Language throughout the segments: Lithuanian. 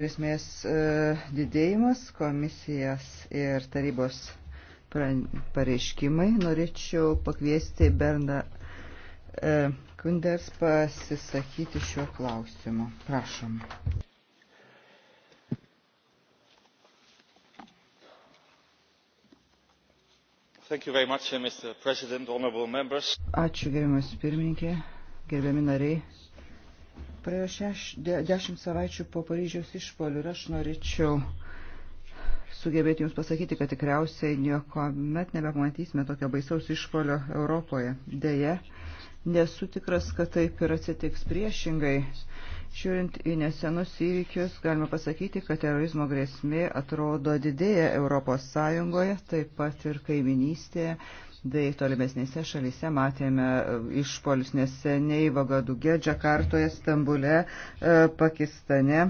grėsmės e, didėjimas, komisijas ir tarybos pareiškimai. Norėčiau pakviesti Berną e, Kunders pasisakyti šiuo klausimu. Prašom. Much, Ačiū gerbiamas pirmininkė, gerbiami nariai. Praėjo šeš, de, dešimt savaičių po Paryžiaus išpolių ir aš norėčiau sugebėti Jums pasakyti, kad tikriausiai nieko met nebepamatysime tokio baisaus išpolio Europoje. Deja, nesu tikras, kad taip ir atsitiks priešingai. Žiūrint į nesenus įvykius, galima pasakyti, kad terorizmo grėsmė atrodo didėja Europos Sąjungoje, taip pat ir kaiminystėje, bei tolimesnėse šalyse matėme e, išpolius neseniai Vagaduge, Džakartoje, Stambule, e, Pakistane.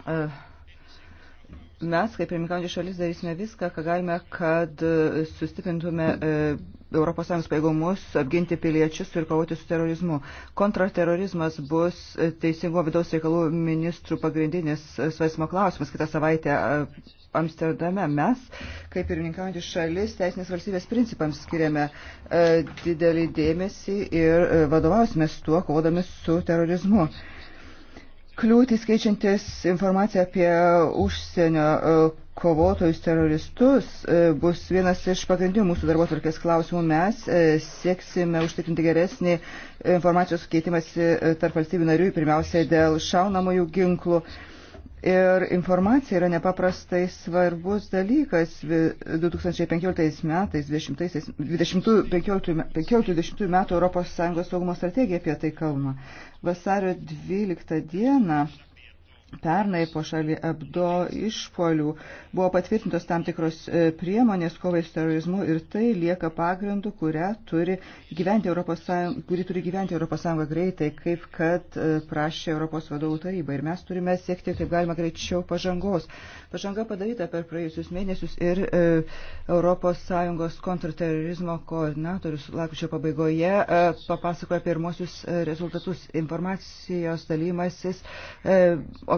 Uh, mes, kaip pirmininkaujantys šalis, darysime viską, ką galime, kad e, sustiprintume ES pajėgumus apginti piliečius ir kovoti su terorizmu. Kontraterorizmas bus e, teisingo vidaus reikalų ministrų pagrindinis e, svarstymo klausimas kitą savaitę. Amsterdame mes, kaip pirmininkaujantys šalis, teisinės valstybės principams skiriame e, didelį dėmesį ir e, vadovausimės tuo, kovodami su terorizmu. E, kliūtis keičiantis informaciją apie užsienio e, kovotojus teroristus e, bus vienas iš pagrindinių mūsų darbo tvarkės klausimų. Mes e, sieksime užtikrinti geresnį informacijos keitimąsi tarp valstybių narių, pirmiausia dėl šaunamųjų ginklų. Ir informacija yra nepaprastai svarbus dalykas 2015 metais, 2015 metų Europos Sąjungos saugumo strategija apie tai kalba. Vasario 12 dieną Pernai po šalį apdo išpolių buvo patvirtintos tam tikros e, priemonės kovai su terorizmu ir tai lieka pagrindu, turi gyventi Europos Sąjung, kuri turi gyventi ES greitai, kaip kad e, prašė Europos vadovų taryba. Ir mes turime siekti kaip galima greičiau pažangos. Pažanga padaryta per praėjusius mėnesius ir e, ES kontrterorizmo koordinatorius lakučio pabaigoje e, papasakoja pirmosius e, rezultatus informacijos dalymasis. E,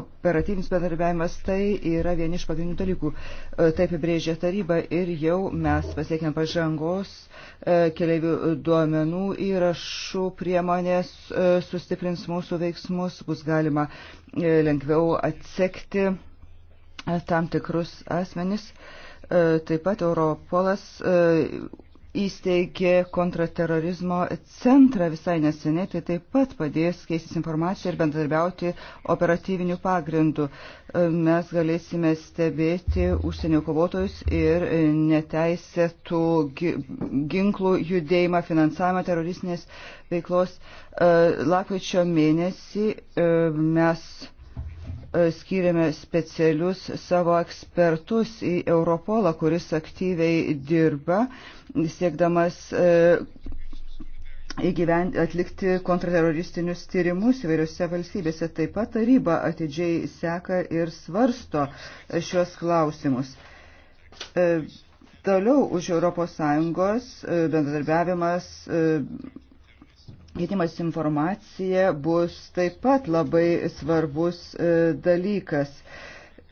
operatyvinis bendarbiavimas tai yra vieni iš pagrindinių dalykų. E, taip apibrėžia taryba ir jau mes pasiekėm pažangos e, keliaivių duomenų įrašų priemonės e, sustiprins mūsų veiksmus, bus galima lengviau atsekti tam tikrus asmenis. Taip pat Europolas įsteigė kontraterorizmo centrą visai neseniai, tai taip pat padės keistis informaciją ir bendradarbiauti operatyvinių pagrindų. Mes galėsime stebėti užsienio kovotojus ir neteisėtų ginklų judėjimą, finansavimą teroristinės veiklos. Lakvičio mėnesį e, mes E, skiriame specialius savo ekspertus į Europolą, kuris aktyviai dirba, siekdamas e, įgyvent, atlikti kontrateroristinius tyrimus įvairiose valstybėse. Taip pat taryba atidžiai seka ir svarsto šios klausimus. E, toliau už ES bendradarbiavimas keitimas informacija bus taip pat labai svarbus e, dalykas.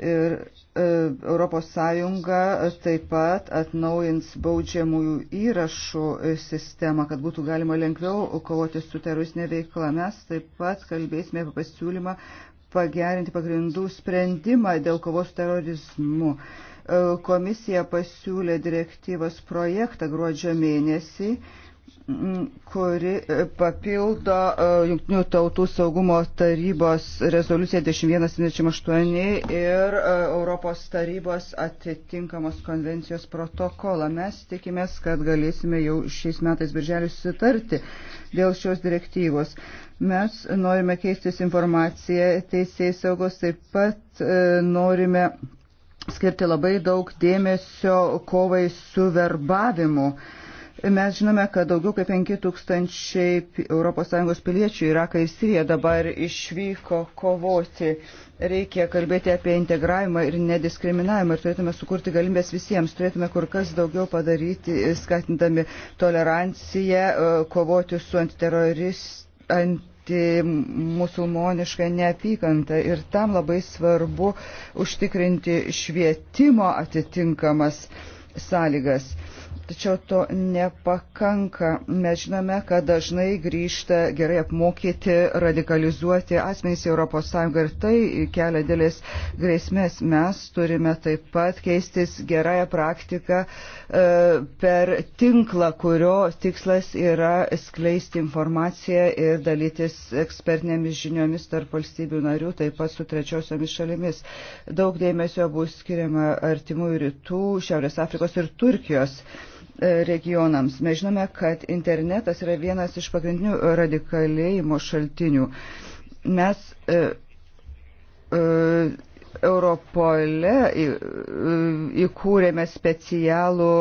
Ir ES taip pat atnaujins baudžiamųjų įrašų sistemą, kad būtų galima lengviau kovoti su teroristinė veikla. Mes taip pat kalbėsime apie pasiūlymą pagerinti pagrindų sprendimą dėl kovos terorizmu. E, Komisija pasiūlė direktyvos projektą gruodžio mėnesį kuri e, papildo e, Junktinių tautų saugumo tarybos rezoliuciją 1178 ir e, Europos tarybos atitinkamos konvencijos protokolą. Mes tikimės, kad galėsime jau šiais metais birželį susitarti dėl šios direktyvos. Mes norime keistis informaciją teisėjai saugos, taip pat norime skirti labai daug dėmesio kovai su verbavimu. E, Mes žinome, kad daugiau kaip 5 tūkstančiai ES piliečių Iraką ir Siriją dabar išvyko kovoti. Reikia kalbėti apie integravimą ir nediskriminavimą ir turėtume sukurti galimybės visiems. Turėtume kur kas daugiau padaryti, skatindami toleranciją, e, kovoti su antiterorist, antimusulmonišką neapykantą. Ir tam labai svarbu užtikrinti švietimo atitinkamas sąlygas tačiau to nepakanka. Mes žinome, kad dažnai grįžta gerai apmokyti, radikalizuoti asmenys į ES ir tai kelia dėlės grėsmės. Mes turime taip pat keistis gerąją praktiką e, per tinklą, kurio tikslas yra skleisti informaciją ir dalytis ekspertinėmis žiniomis tarp valstybių narių, taip pat su trečiosiomis šalimis. Daug dėmesio bus skiriama artimųjų rytų, Šiaurės Afrikos ir Turkijos regionams. Mes žinome, kad internetas yra vienas iš pagrindinių radikalėjimo šaltinių. Mes e, e, Europole e, įkūrėme specialų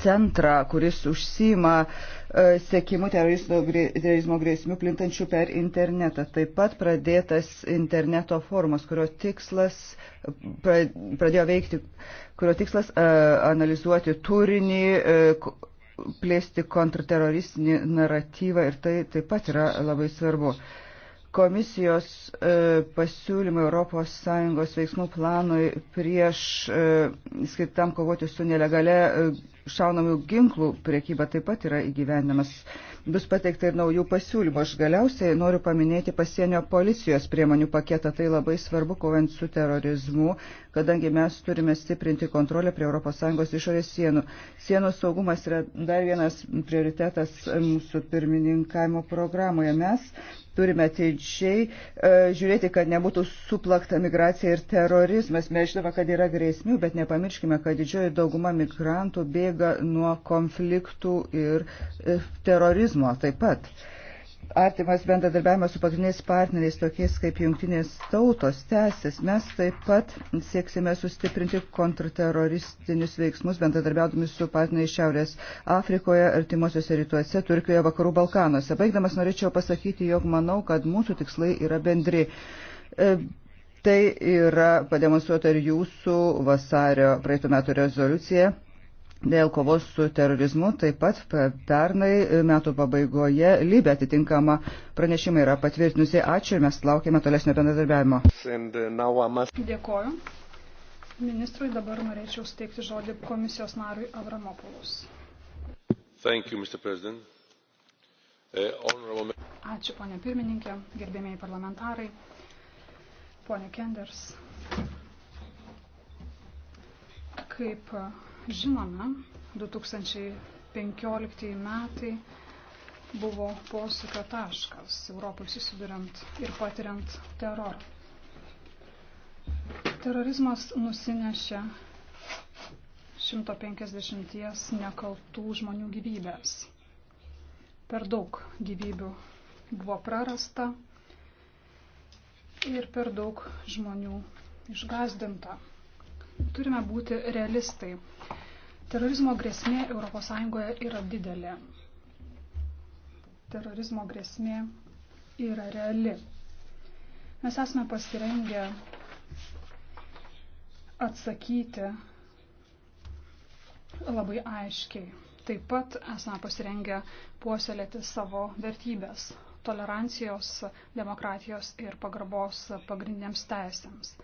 centrą, kuris užsima e, sekimu terorizmo grėsmių plintančių per internetą. Taip pat pradėtas interneto formas, kurio tikslas pradėjo veikti kurio tikslas e, analizuoti turinį, e, plėsti kontrterroristinį naratyvą ir tai taip pat yra labai svarbu. Komisijos e, pasiūlymai ES veiksmų planui prieš skirtam kovoti su nelegale šaunamų ginklų priekyba taip pat yra įgyvenimas. Bus pateikta ir naujų pasiūlymų. Aš galiausiai noriu paminėti pasienio policijos priemonių paketą. Tai labai svarbu, kovant su terorizmu, kadangi mes turime stiprinti kontrolę prie ES išorės sienų. Sienos saugumas yra dar vienas prioritetas e, mūsų pirmininkavimo programoje. Mes turime ateičiai e, žiūrėti, kad nebūtų suplakta migracija ir terorizmas. Mes žinome, kad yra grėsmių, bet nepamirškime, kad didžioji dauguma migrantų bėga nuo konfliktų ir e, terorizmo taip pat artimas bendradarbiavimas su pagrindiniais partneriais, tokiais kaip jungtinės tautos, tęsis. Mes taip pat sieksime sustiprinti kontrterroristinius veiksmus, bendradarbiaudami su partneriais Šiaurės Afrikoje, artimuosiuose rytuose, Turkijoje, Vakarų Balkanuose. Baigdamas norėčiau pasakyti, jog manau, kad mūsų tikslai yra bendri. E, tai yra pademonstruota ir jūsų vasario praeitų metų rezoliucija dėl kovos su terorizmu. Taip pat pernai metų pabaigoje Libė atitinkama pranešimai yra patvirtinusi. Ačiū ir mes laukiame tolesnio bendradarbiavimo. Uh, Dėkoju. Ministrui dabar norėčiau steikti žodį komisijos narui Avramopoulos. You, eh, honorable... Ačiū, ponė pirmininkė, gerbėmiai parlamentarai, ponė Kenders. Kaip uh, Žinome, 2015 metai buvo posūkio taškas Europai susiduriant ir patiriant terorą. Terorizmas nusinešė 150 nekaltų žmonių gyvybės. Per daug gyvybių buvo prarasta ir per daug žmonių išgazdinta. Turime būti realistai. Terorizmo grėsmė ES yra didelė. Terorizmo grėsmė yra reali. Mes esame pasirengę atsakyti labai aiškiai. Taip pat esame pasirengę puoselėti savo vertybės - tolerancijos, demokratijos ir pagarbos pagrindiniams teisėms.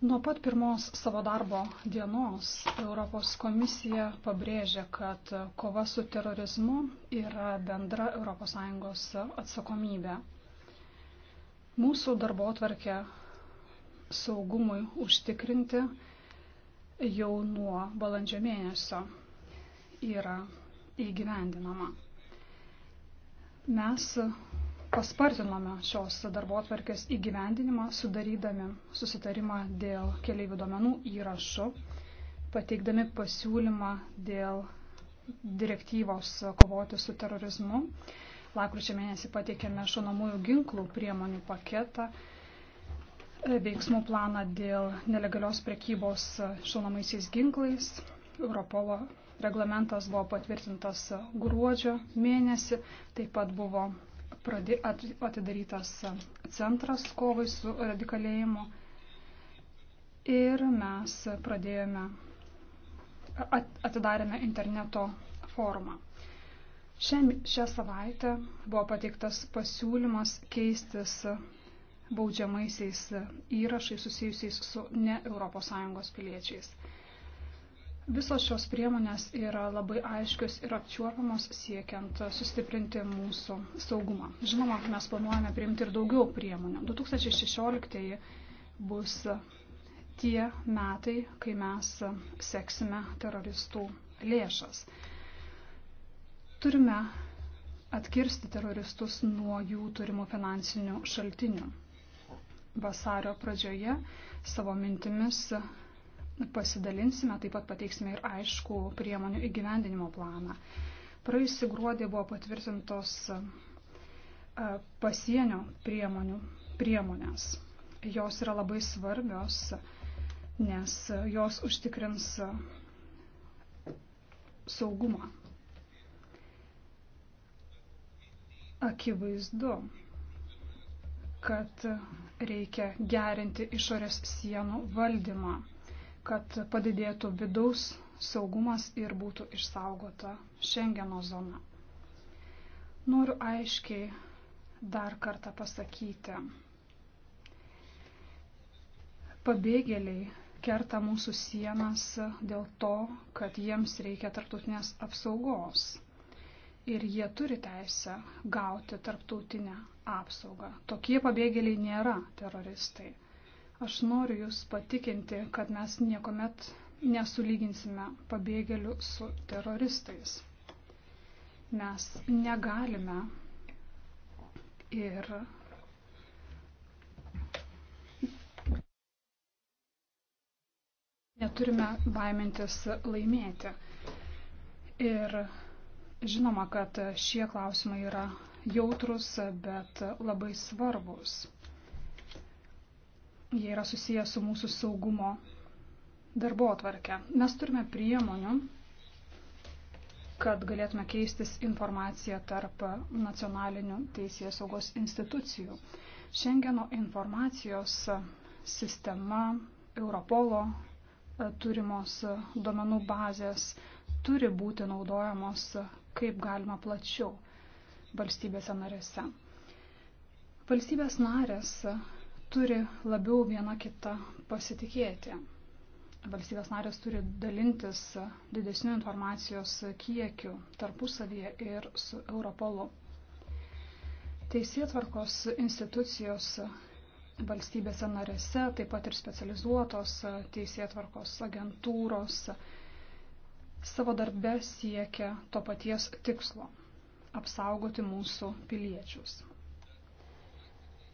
Nuo pat pirmos savo darbo dienos Europos komisija pabrėžia, kad kova su terorizmu yra bendra ES atsakomybė. Mūsų darbo atvarkė saugumui užtikrinti jau nuo balandžio mėnesio yra įgyvendinama. Mes paspartinome šios darbo atvarkės įgyvendinimą, sudarydami susitarimą dėl keliaivių duomenų įrašų, pateikdami pasiūlymą dėl direktyvos kovoti su terorizmu. Lakrūčio mėnesį pateikėme šonamųjų ginklų priemonių paketą, e, veiksmų planą dėl nelegalios prekybos šonamaisiais ginklais. Europolo reglamentas buvo patvirtintas gruodžio mėnesį, taip pat buvo atidarytas centras kovai su radikalėjimu. Ir mes pradėjome, atidarėme interneto forumą. Šią, šią savaitę buvo pateiktas pasiūlymas keistis baudžiamaisiais įrašais susijusiais su ne ES piliečiais. Visos šios priemonės yra labai aiškios ir apčiuopamos siekiant sustiprinti mūsų saugumą. Žinoma, mes planuojame priimti ir daugiau priemonių. 2016 bus tie metai, kai mes seksime teroristų lėšas. Turime atkirsti teroristus nuo jų turimų finansinių šaltinių. Vasario pradžioje savo mintimis pasidalinsime, taip pat pateiksime ir aišku priemonių įgyvendinimo planą. Praėjusį gruodį buvo patvirtintos e, pasienio priemonių, priemonės. Jos yra labai svarbios, nes jos užtikrins saugumą. Akivaizdu, kad reikia gerinti išorės sienų valdymą kad padidėtų vidaus saugumas ir būtų išsaugota Šengeno zona. Noriu aiškiai dar kartą pasakyti. Pabėgėliai kerta mūsų sienas dėl to, kad jiems reikia tarptautinės apsaugos. Ir jie turi teisę gauti tarptautinę apsaugą. Tokie pabėgėliai nėra teroristai. Aš noriu Jūs patikinti, kad mes niekuomet nesulyginsime pabėgėlių su teroristais. Mes negalime ir neturime baimintis laimėti. Ir žinoma, kad šie klausimai yra jautrus, bet labai svarbus. Jie yra susiję su mūsų saugumo darbo atvarkę. Mes turime priemonių, kad galėtume keistis informaciją tarp nacionalinių teisės saugos institucijų. Šengeno informacijos sistema, Europolo e, turimos duomenų bazės turi būti naudojamos kaip galima plačiau valstybėse narėse. Valstybės narės turi labiau viena kitą pasitikėti. Valstybės narės turi dalintis didesnių informacijos kiekių tarpusavyje ir su Europolu. Teisėtvarkos institucijos valstybėse narėse, taip pat ir specializuotos teisėtvarkos agentūros savo darbe siekia to paties tikslo - apsaugoti mūsų piliečius.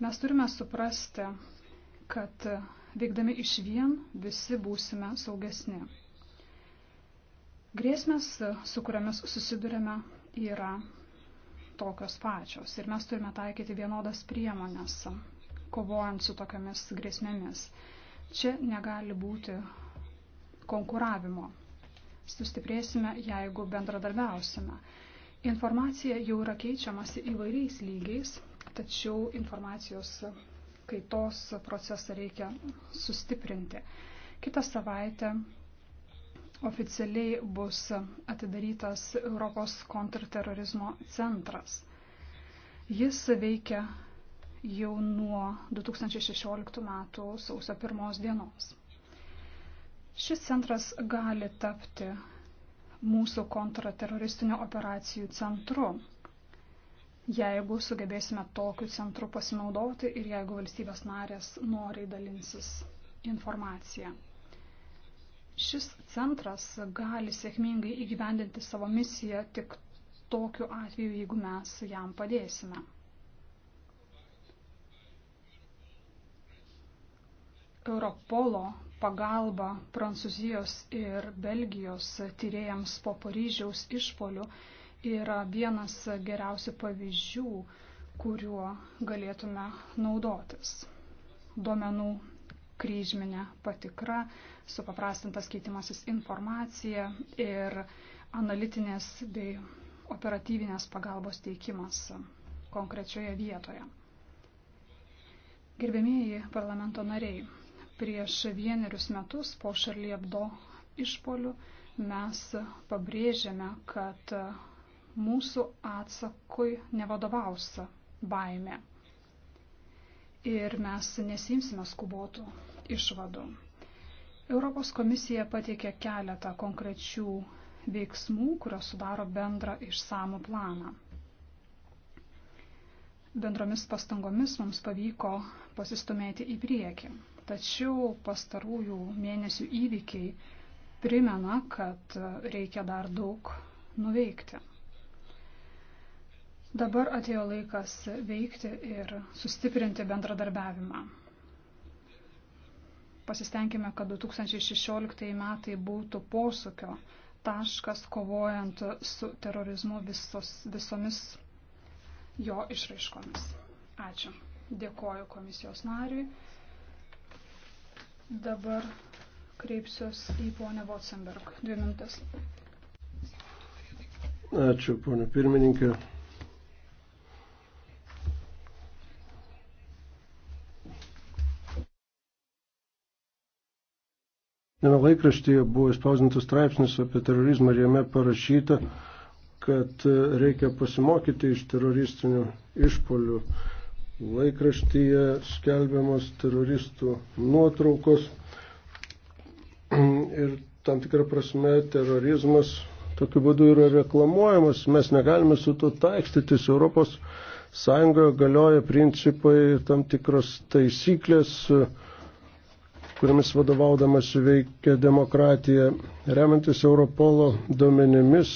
Mes turime suprasti, kad veikdami iš vien visi būsime saugesni. Grėsmės, su kuriamis susidurime, yra tokios pačios ir mes turime taikyti vienodas priemonės, kovojant su tokiamis grėsmėmis. Čia negali būti konkuravimo. Sustiprėsime, jeigu bendradarbiausime. Informacija jau yra keičiamasi įvairiais lygiais tačiau informacijos kaitos procesą reikia sustiprinti. Kitą savaitę oficialiai bus atidarytas Europos kontrterorizmo centras. Jis veikia jau nuo 2016 metų sausio pirmos dienos. Šis centras gali tapti mūsų kontrateroristinių operacijų centru, jeigu sugebėsime tokiu centru pasinaudoti ir jeigu valstybės narės noriai dalinsis informaciją. Šis centras gali sėkmingai įgyvendinti savo misiją tik tokiu atveju, jeigu mes jam padėsime. Europolo pagalba Prancūzijos ir Belgijos tyrėjams po Paryžiaus išpolių yra vienas geriausių pavyzdžių, kuriuo galėtume naudotis. Duomenų kryžminė patikra, supaprastintas keitimasis informacija ir analitinės bei operatyvinės pagalbos teikimas konkrečioje vietoje. Gerbėmieji parlamento nariai, prieš vienerius metus po Šarlie Abdo išpolių mes pabrėžėme, kad mūsų atsakui nevadovaus baime. Ir mes nesimsime skubotų išvadų. Europos komisija pateikė keletą konkrečių veiksmų, kurios sudaro bendrą išsamų planą. Bendromis pastangomis mums pavyko pasistumėti į priekį. Tačiau pastarųjų mėnesių įvykiai primena, kad reikia dar daug nuveikti. Dabar atėjo laikas veikti ir sustiprinti bendradarbiavimą. Pasistengime, kad 2016 metai būtų posūkio taškas kovojant su terorizmu visos, visomis jo išraiškomis. Ačiū. Dėkoju komisijos nariui. Dabar kreipsiuosi į ponę Votsenberg. Dvi minutės. Ačiū, ponė pirmininkė. Viena laikraštyje buvo įspausintas straipsnis apie terorizmą ir jame parašyta, kad e, reikia pasimokyti iš teroristinių išpolių. Laikraštyje skelbiamos teroristų nuotraukos ir tam tikrą prasme terorizmas tokiu būdu yra reklamuojamas. Mes negalime su to taikstytis. Europos Sąjungoje galioja principai ir tam tikros taisyklės kuriamis vadovaudamas veikia demokratija. Remiantis Europolo duomenimis,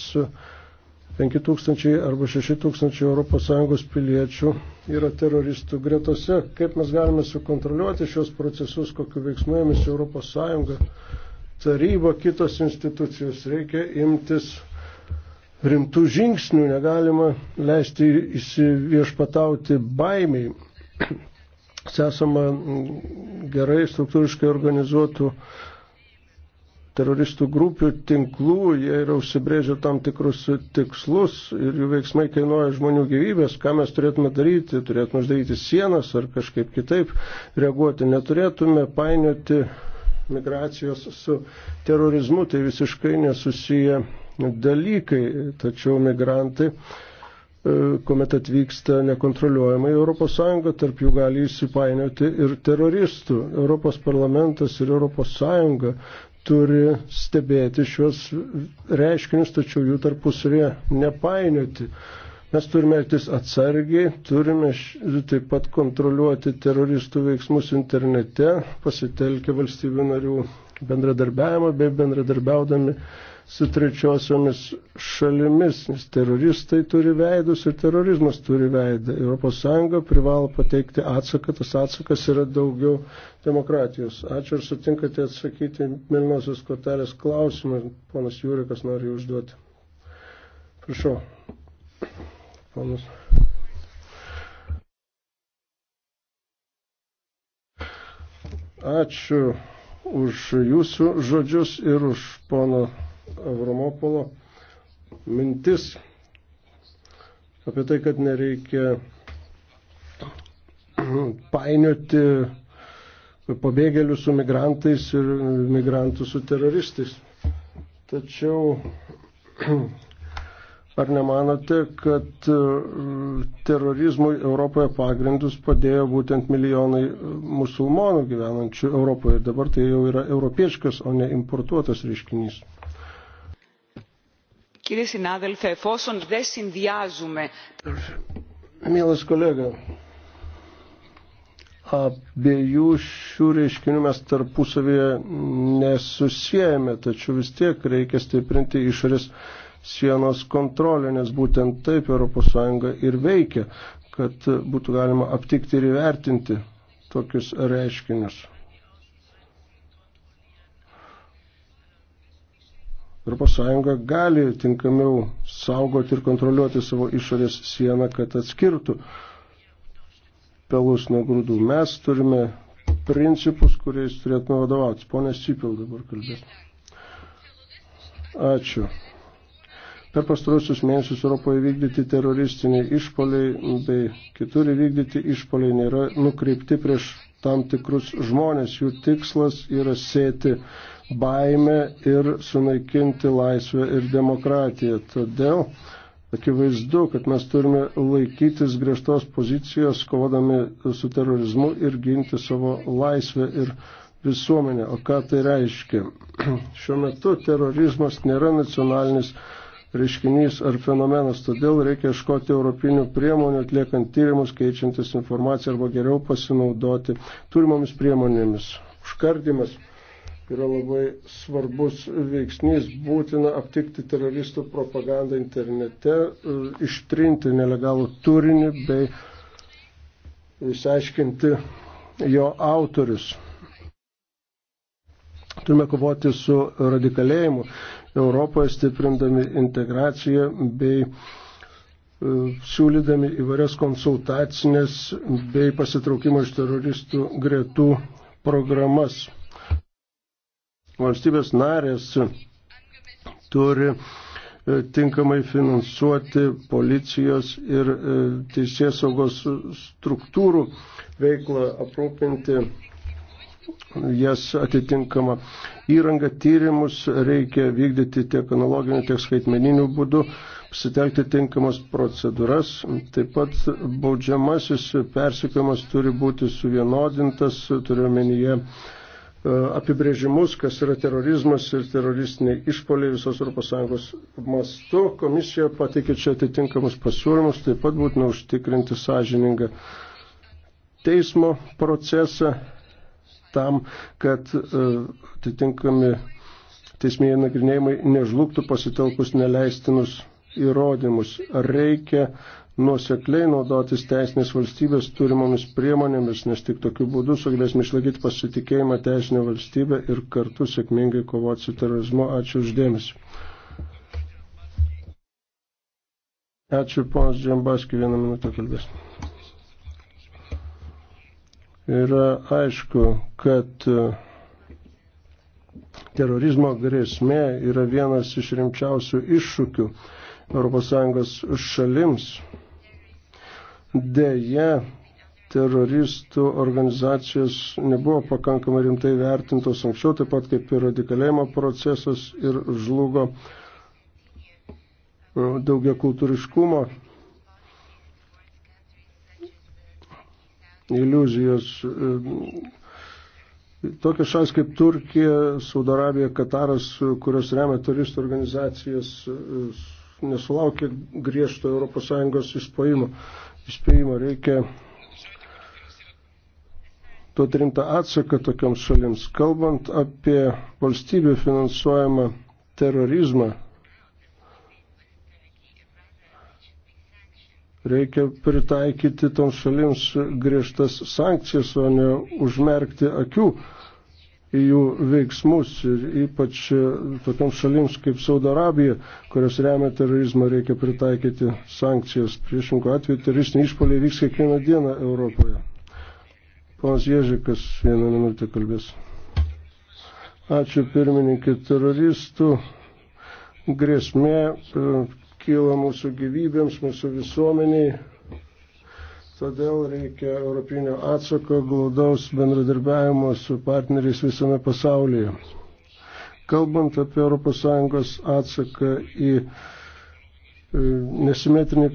5000 arba 6000 ES piliečių yra teroristų gretose. Kaip mes galime sukontroliuoti šios procesus, kokiu veiksmu ėmėsi ES, taryba, kitos institucijos reikia imtis rimtų žingsnių, negalima leisti įsiviešpatauti baimiai esama gerai struktūriškai organizuotų teroristų grupių tinklų, jie yra užsibrėžę tam tikrus tikslus ir jų veiksmai kainuoja žmonių gyvybės, ką mes turėtume daryti, turėtume uždaryti sienas ar kažkaip kitaip reaguoti, neturėtume painioti migracijos su terorizmu, tai visiškai nesusiję dalykai, tačiau migrantai E, kuomet atvyksta nekontroliuojamai ES, tarp jų gali įsipainioti ir teroristų. Europos parlamentas ir ES turi stebėti šios reiškinius, tačiau jų tarpusavėje nepainioti. Mes turime elgtis atsargiai, turime taip pat kontroliuoti teroristų veiksmus internete, pasitelkę valstybių narių bendradarbiavimą bei bendradarbiaudami su trečiosiomis šalimis, nes teroristai turi veidus ir terorizmas turi veidą. ES privalo pateikti atsaką, tas atsakas yra daugiau demokratijos. Ačiū ir sutinkate atsakyti Milnosios kortelės klausimą, ponas Jūrikas nori užduoti. Prašau. Ponas. Ačiū už jūsų žodžius ir už pono Avramopolo mintis apie tai, kad nereikia painioti pabėgėlių su migrantais ir migrantų su teroristais. Tačiau ar nemanote, kad e, terorizmui Europoje pagrindus padėjo būtent milijonai musulmonų gyvenančių Europoje? Dabar tai jau yra europieškas, o ne importuotas reiškinys. Κύριε συνάδελφε, εφόσον δεν συνδυάζουμε... Mielas kolega, abiejų šių reiškinių mes tarpusavėje nesusijame, tačiau vis tiek reikia stiprinti išorės sienos kontrolę, nes būtent taip ES ir veikia, kad būtų galima aptikti ir įvertinti tokius reiškinius. ES gali tinkamiau saugoti ir kontroliuoti savo išorės sieną, kad atskirtų pelus nuo grūdų. Mes turime principus, kuriais turėtume vadovautis. Pone Sipil dabar kalbės. Ačiū. Per pastarosius mėnesius Europoje vykdyti teroristiniai išpoliai bei kitur vykdyti išpoliai nėra nukreipti prieš tam tikrus žmonės. Jų tikslas yra sėti baimę ir sunaikinti laisvę ir demokratiją. Todėl akivaizdu, kad mes turime laikytis griežtos pozicijos, kovodami su terorizmu ir ginti savo laisvę ir visuomenę. O ką tai reiškia? Šiuo metu terorizmas nėra nacionalinis reiškinys ar fenomenas, todėl reikia iškoti europinių priemonių, atliekant tyrimus, keičiantis informaciją arba geriau pasinaudoti turimomis priemonėmis. Užkardimas yra labai svarbus veiksnys, būtina aptikti teroristų propagandą internete, e, ištrinti nelegalų turinį bei išsiaiškinti jo autorius. Turime kovoti su radikalėjimu Europoje, stiprindami integraciją bei e, siūlydami įvairias konsultacinės bei pasitraukimo iš teroristų gretų programas valstybės narės turi e, tinkamai finansuoti policijos ir e, teisės saugos struktūrų veiklą, aprūpinti jas atitinkamą įrangą, tyrimus reikia vykdyti tiek analoginiu, tiek skaitmeniniu būdu, pasitelkti tinkamas procedūras. Taip pat baudžiamasis persikėjimas turi būti suvienodintas, turiu menyje E, apibrėžimus, kas yra terorizmas ir teroristiniai išpoliai visos ES mastu. Komisija pateikė čia atitinkamus pasiūlymus, taip pat būtina užtikrinti sąžiningą teismo procesą tam, kad e, atitinkami teismėjai nagrinėjimai nežlugtų pasitelkus neleistinus įrodymus. Reikia nuosekliai naudotis teisinės valstybės turimomis priemonėmis, nes tik tokiu būdu sugebėsime išlaikyti pasitikėjimą teisinę valstybę ir kartu sėkmingai kovoti su terorizmu. Ačiū uždėmesi. Ačiū, ponas Džambaski, vieną minutę kalbės. Yra aišku, kad e, terorizmo grėsmė yra vienas iš rimčiausių iššūkių ES šalims, Deja, teroristų organizacijos nebuvo pakankamai rimtai vertintos anksčiau, taip pat kaip ir radikalėjimo procesas ir žlugo e, daugia kultūriškumo iliuzijos. E, tokios šalis kaip Turkija, Saudarabija, Kataras, kurios remia turistų organizacijas, e, nesulaukė griežto ES išstojimo įspėjimo, reikia duoti rimtą atsaką tokioms šalims. Kalbant apie valstybių finansuojamą terorizmą, reikia pritaikyti toms šalims griežtas sankcijas, o ne užmerkti akių į jų veiksmus ir ypač e, tokioms šalims kaip Saudo Arabija, kurios remia terorizmą, reikia pritaikyti sankcijas. Priešingų atveju teroristiniai išpoliai vyks kiekvieną dieną Europoje. Ponas Ježikas vieną minutę kalbės. Ačiū pirmininkė teroristų. Grėsmė e, kyla mūsų gyvybėms, mūsų visuomeniai, Todėl reikia europinio atsako glaudaus bendradarbiavimo su partneriais visame pasaulyje. Kalbant apie ES atsaką į nesimetrinį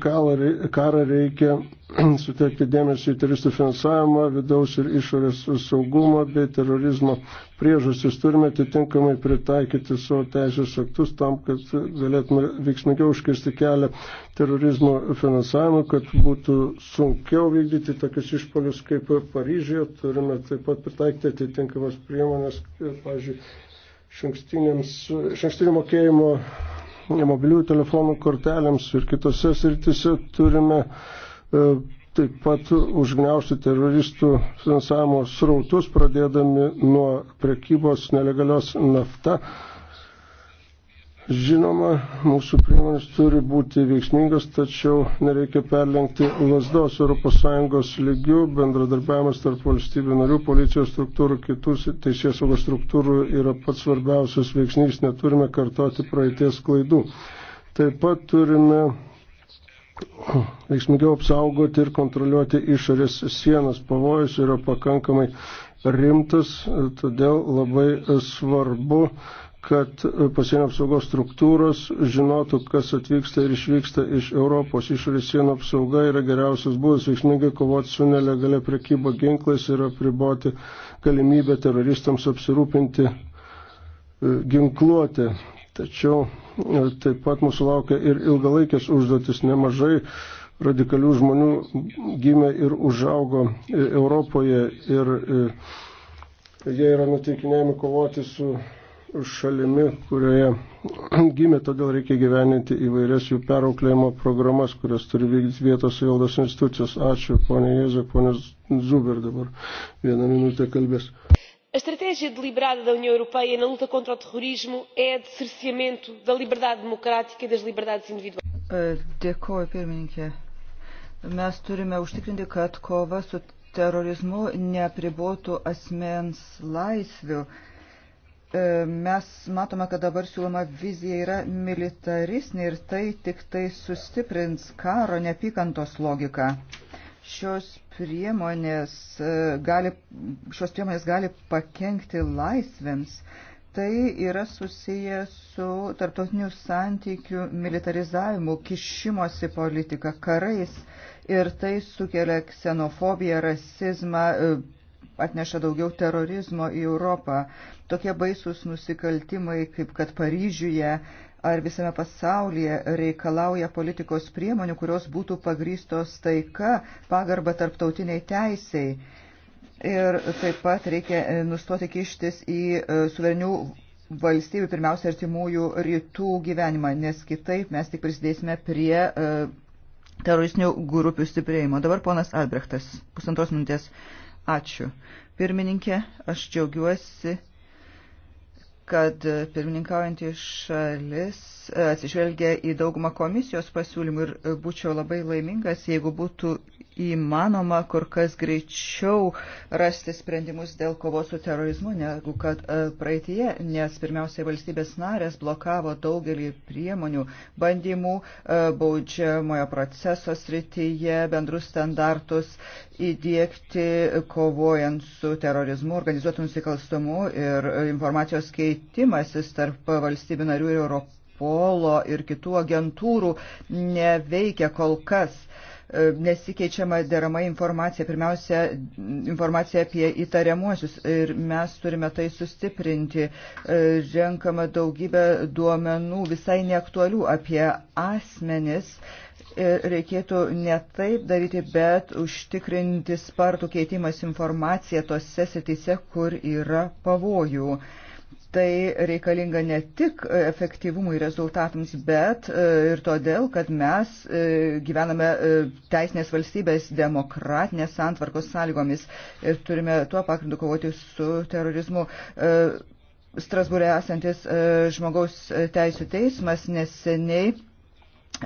karą reikia sutelkti dėmesį į teroristų finansavimą, vidaus ir išorės saugumą bei terorizmo priežastis. Turime atitinkamai pritaikyti savo teisės aktus tam, kad galėtume veiksmingiau užkirsti kelią terorizmo finansavimą, kad būtų sunkiau vykdyti tokius išpolius kaip Paryžioje. Turime taip pat pritaikyti atitinkamas priemonės, pavyzdžiui, šankstinio mokėjimo mobiliųjų telefonų kortelėms ir kitose sritise turime e, taip pat užgneušti teroristų finansavimo srautus, pradėdami nuo prekybos nelegalios nafta Žinoma, mūsų priemonės turi būti veiksmingos, tačiau nereikia perlenkti lasdos ES lygių, bendradarbiavimas tarp valstybių narių, policijos struktūrų, kitų teisės saugos struktūrų yra pats svarbiausias veiksnys, neturime kartoti praeities klaidų. Taip pat turime veiksmingiau apsaugoti ir kontroliuoti išorės sienas. Pavojus yra pakankamai rimtas, todėl labai svarbu kad e, pasienio apsaugos struktūros žinotų, kas atvyksta ir išvyksta iš Europos. Išorės sienų apsauga yra geriausias būdas veiksmingai kovoti su nelegalia prekyba ginklais ir apriboti galimybę teroristams apsirūpinti e, ginkluotę. Tačiau e, taip pat mūsų laukia ir ilgalaikės užduotis nemažai. Radikalių žmonių gimė ir užaugo Europoje ir jie yra nuteikinėjami kovoti su šalimi, kurioje gimė, todėl reikia gyveninti įvairias jų perauklėjimo programas, kurias turi vykdyti vietos valdos institucijos. Ačiū, ponė Jėzė, ponė Zuber dabar vieną minutę kalbės. A estratégia deliberada da União Europeia na luta contra o terrorismo é de cerceamento da liberdade democrática e das liberdades individuais. Dėkuoju, pirmininkė. Mes turime užtikrinti, kad kova su terorizmu nepribotų asmens laisvių. Uh, E, mes matome, kad dabar siūloma vizija yra militaristinė ir tai tik tai sustiprins karo nepykantos logiką. Šios priemonės e, gali, šios priemonės gali pakengti laisvėms. Tai yra susiję su tarptautinių santykių militarizavimu, kišimosi politika, karais ir tai sukelia ksenofobiją, rasizmą, e, atneša daugiau terorizmo į Europą. Tokie baisūs nusikaltimai, kaip kad Paryžiuje ar visame pasaulyje reikalauja politikos priemonių, kurios būtų pagrystos taika, pagarba tarptautiniai teisiai. Ir taip pat reikia e, nustoti kištis į e, suverenių valstybių, pirmiausia, artimųjų rytų gyvenimą, nes kitaip mes tik prisidėsime prie e, teroristinių grupių stiprėjimo. Dabar ponas Albrechtas, pusantros minutės. Uh, Ačiū. Pirmininkė, aš džiaugiuosi, kad pirmininkaujantį šalis e, atsižvelgia į daugumą komisijos pasiūlymų ir būčiau labai laimingas, jeigu būtų įmanoma kur kas greičiau rasti sprendimus dėl kovos su terorizmu, negu kad e, praeitie, nes pirmiausiai valstybės narės blokavo daugelį priemonių, bandymų e, baudžiamojo proceso srityje, bendrus standartus įdėkti kovojant su terorizmu, organizuotų nusikalstamu ir informacijos keitimasis tarp valstybių narių ir Europolo ir kitų agentūrų neveikia kol kas e, nesikeičiama derama informacija, pirmiausia informacija apie įtariamuosius ir mes turime tai sustiprinti. E, renkama daugybė duomenų visai neaktualių apie asmenis Ir reikėtų ne taip daryti, bet užtikrinti spartų keitimas informaciją tose srityse, kur yra pavojų. Tai reikalinga ne tik efektyvumui rezultatams, bet e, ir todėl, kad mes e, gyvename e, teisinės valstybės demokratinės santvarkos sąlygomis ir turime tuo pagrindu kovoti su terorizmu. Strasbūrė esantis žmogaus teisų teismas neseniai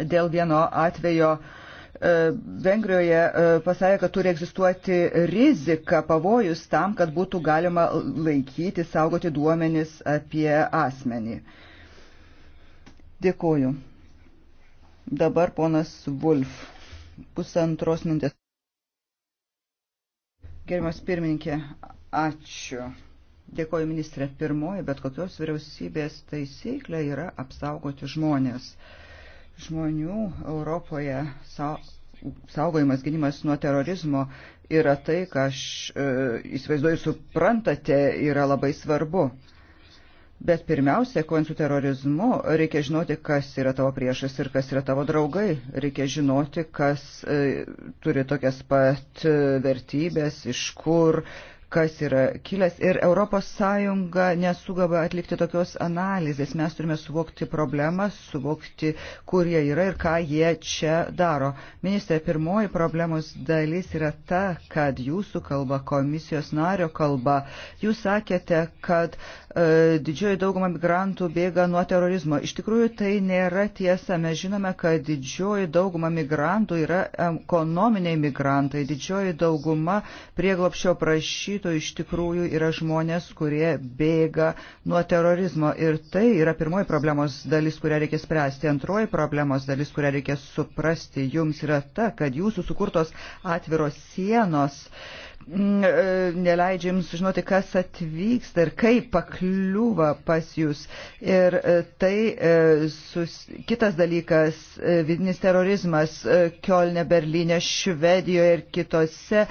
dėl vieno atvejo e, Vengrijoje e, pasakė, kad turi egzistuoti rizika, pavojus tam, kad būtų galima laikyti, saugoti duomenis apie asmenį. Dėkoju. Dabar ponas Vulf. Pusantros mintės. Gerimas pirmininkė, ačiū. Dėkoju ministrė. Pirmoji, bet kokios vyriausybės taisyklė yra apsaugoti žmonės žmonių Europoje saugojimas, gynimas nuo terorizmo yra tai, ką aš e, įsivaizduoju, suprantate, yra labai svarbu. Bet pirmiausia, kovant su terorizmu, reikia žinoti, kas yra tavo priešas ir kas yra tavo draugai. Reikia žinoti, kas e, turi tokias pat e, vertybės, iš kur, kas yra kilęs ir ES nesugaba atlikti tokios analizės. Mes turime suvokti problemą, suvokti, kur jie yra ir ką jie čia daro. Ministrė, pirmoji problemos dalis yra ta, kad jūsų kalba, komisijos nario kalba, jūs sakėte, kad e, didžioji dauguma migrantų bėga nuo terorizmo. Iš tikrųjų, tai nėra tiesa. Mes žinome, kad didžioji dauguma migrantų yra ekonominiai migrantai. Didžioji dauguma prieglopščio prašytų konflikto iš tikrųjų yra žmonės, kurie bėga nuo terorizmo. Ir tai yra pirmoji problemos dalis, kurią reikia spręsti. Antroji problemos dalis, kurią reikia suprasti jums, yra ta, kad jūsų sukurtos atviros sienos. Uh, Mm, e, neleidžia jums žinoti, kas atvyksta ir kaip pakliūva pas jūs. Ir e, tai e, sus... kitas dalykas - vidinis terorizmas Kielne, Berlyne, Švedijoje ir kitose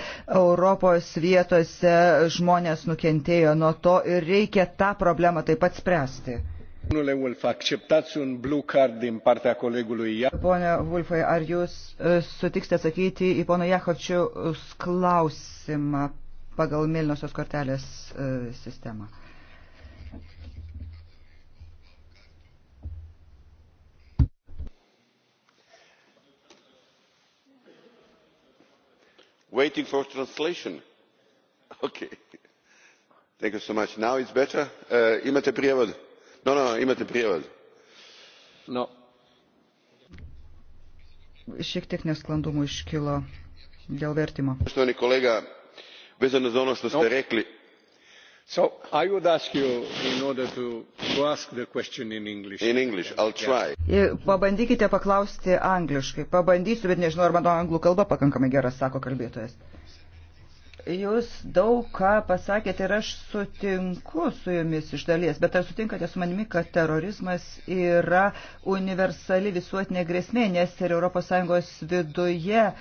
Europos vietose žmonės nukentėjo nuo to ir reikia tą problemą taip pat spręsti. Domnule Wolf, acceptați un blue card din partea colegului Ia? Pone Wolfai, ar jūs e, sutiksite atsakyti į pono Jakovčiaus e, klausimą pagal Milnosios kortelės e, sistemą? waiting for translation. Okay. Thank you so much. Now it's better. Uh, imate prijevod? No, no, imate prievod. No. Šiek tiek nesklandumų iškilo dėl vertimo. Poštovani kolega, vezano za ono što ste no. rekli. So I would ask you in order to, to ask the question in English. In English, I'll try. Pabandykite paklausti angliškai. Pabandysiu, bet nežinau, ar mano anglų kalba pakankamai gera, sako kalbėtojas. Jūs daug ką pasakėte ir aš sutinku su jumis iš dalies, bet ar sutinkate su manimi, kad terorizmas yra universali visuotinė grėsmė, nes ir ES viduje e,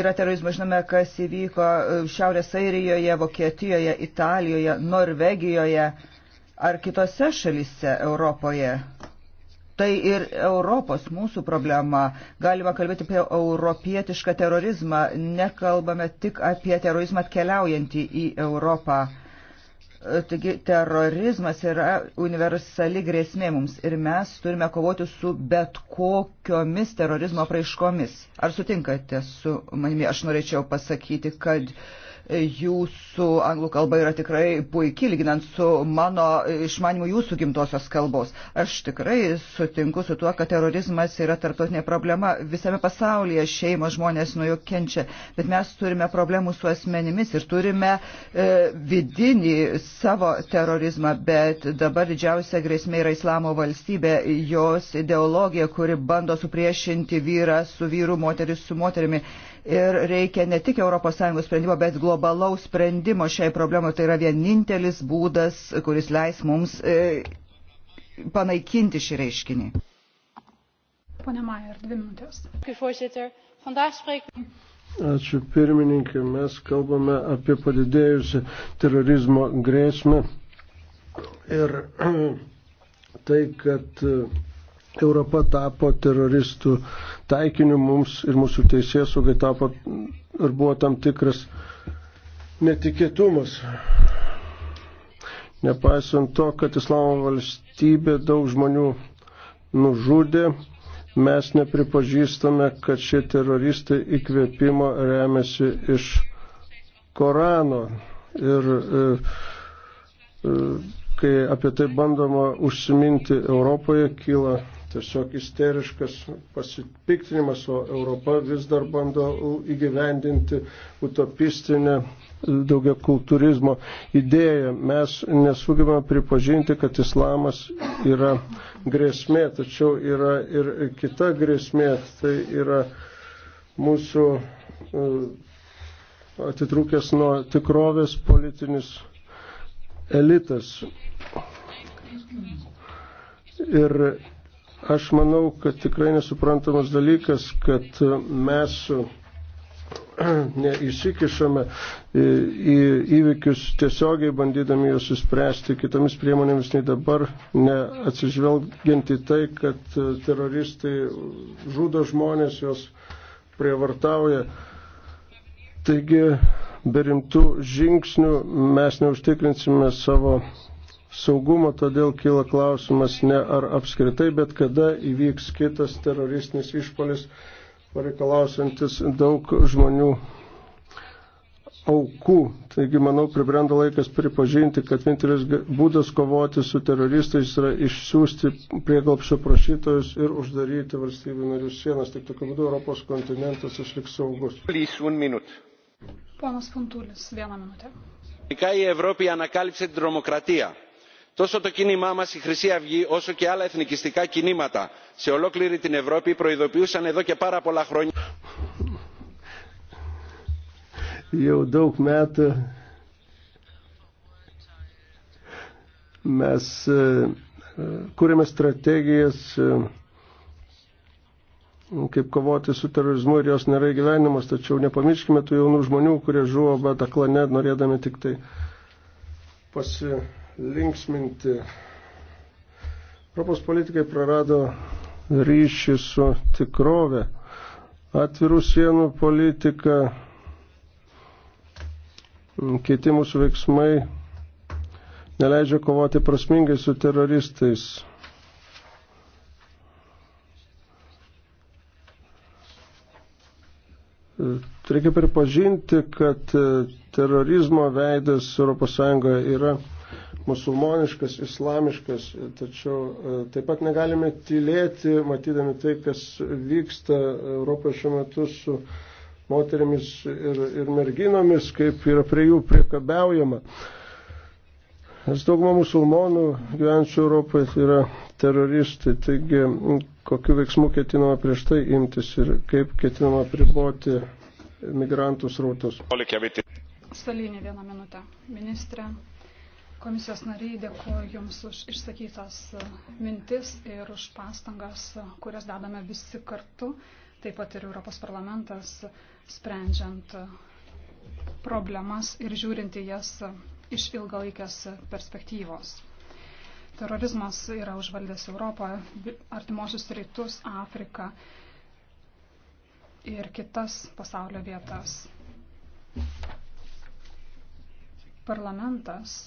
yra terorizmas, žinome, kas įvyko e, Šiaurės Airijoje, Vokietijoje, Italijoje, Norvegijoje ar kitose šalyse Europoje tai ir Europos mūsų problema. Galima kalbėti apie europietišką terorizmą, nekalbame tik apie terorizmą atkeliaujantį į Europą. Taigi terorizmas yra universali grėsmė mums ir mes turime kovoti su bet kokiomis terorizmo praiškomis. Ar sutinkate su manimi? Aš norėčiau pasakyti, kad uh, jūsų anglų kalba yra tikrai puikiai, lyginant su mano išmanimu jūsų gimtosios kalbos. Aš tikrai sutinku su tuo, kad terorizmas yra tarptautinė problema. Visame pasaulyje šeima žmonės nuo jo kenčia, bet mes turime problemų su asmenimis ir turime e, vidinį savo terorizmą, bet dabar didžiausia grėsmė yra islamo valstybė, jos ideologija, kuri bando supriešinti vyrą su vyru, moteris su moterimi ir reikia ne tik ES sprendimo, bet globalaus sprendimo šiai problemai. Tai yra vienintelis būdas, kuris leis mums e, panaikinti šį reiškinį. Pone Majer, dvi minutės. Ačiū pirmininkė, mes kalbame apie padidėjusią terorizmo grėsmę ir tai, kad Europa tapo teroristų taikiniu mums ir mūsų teisės saugai tapo ir buvo tam tikras netikėtumas. Nepaisant to, kad Islamo valstybė daug žmonių nužudė, mes nepripažįstame, kad šie teroristai įkvėpimo remiasi iš Korano. Ir, e, e, kai apie tai bandoma užsiminti Europoje, kyla tiesiog isteriškas pasipiktinimas, o Europa vis dar bando įgyvendinti utopistinę daugia kultūrizmo idėją. Mes nesugebame pripažinti, kad islamas yra grėsmė, tačiau yra ir kita grėsmė, tai yra mūsų e, atitrūkęs nuo tikrovės politinis elitas. Ir Aš manau, kad tikrai nesuprantamas dalykas, kad mes neįsikišame į įvykius tiesiogiai bandydami juos suspręsti kitomis priemonėmis nei dabar, neatsižvelgiant į tai, kad teroristai žudo žmonės, juos prievartauja. Taigi, be rimtų žingsnių mes neužtikrinsime savo saugumo, todėl kyla klausimas ne ar apskritai, bet kada įvyks kitas teroristinis išpolis, pareikalausantis daug žmonių aukų. Taigi, manau, pribrendo laikas pripažinti, kad vienintelis būdas kovoti su teroristais yra išsiųsti prieglopšio prašytojus ir uždaryti valstybių narių sienas. Tik tokiu būdu Europos kontinentas išliks saugus. Ponas Funtulis, vieną minutę. Η Ευρώπη ανακάλυψε την τρομοκρατία τόσο το κίνημά μα η χρυσή αυγή όσο και άλλα εθνικιστικά κινήματα σε ολόκληρη την ευρώπη προειδοποιούσαν εδώ και πάρα πολλά χρόνια Jau daug metų mes e, kūrėme strategijas, e, kaip kovoti su terorizmu ir jos nėra gyvenimas, tačiau nepamirškime tų jaunų žmonių, kurie žuvo Bataklane, norėdami tik tai pasi linksminti. Europos politikai prarado ryšį su tikrove. Atvirų sienų politika, kiti mūsų veiksmai neleidžia kovoti prasmingai su teroristais. Reikia pripažinti, kad terorizmo veidas ES yra musulmoniškas, islamiškas, tačiau e, taip pat negalime tylėti, matydami tai, kas vyksta Europoje šiuo metu su moteriamis ir, ir merginomis, kaip yra prie jų priekabiaujama. Nes dauguma musulmonų gyvenčių Europoje yra teroristai, taigi kokiu veiksmu ketinama prieš tai imtis ir kaip ketinama priboti migrantų srautus. Salinė vieną minutę. Ministrė, Komisijos nariai dėkuoju Jums už išsakytas mintis ir už pastangas, kurias dedame visi kartu, taip pat ir Europos parlamentas, sprendžiant problemas ir žiūrint į jas iš ilgalaikės perspektyvos. Terorizmas yra užvaldęs Europą, artimuosius rytus, Afriką ir kitas pasaulio vietas. Parlamentas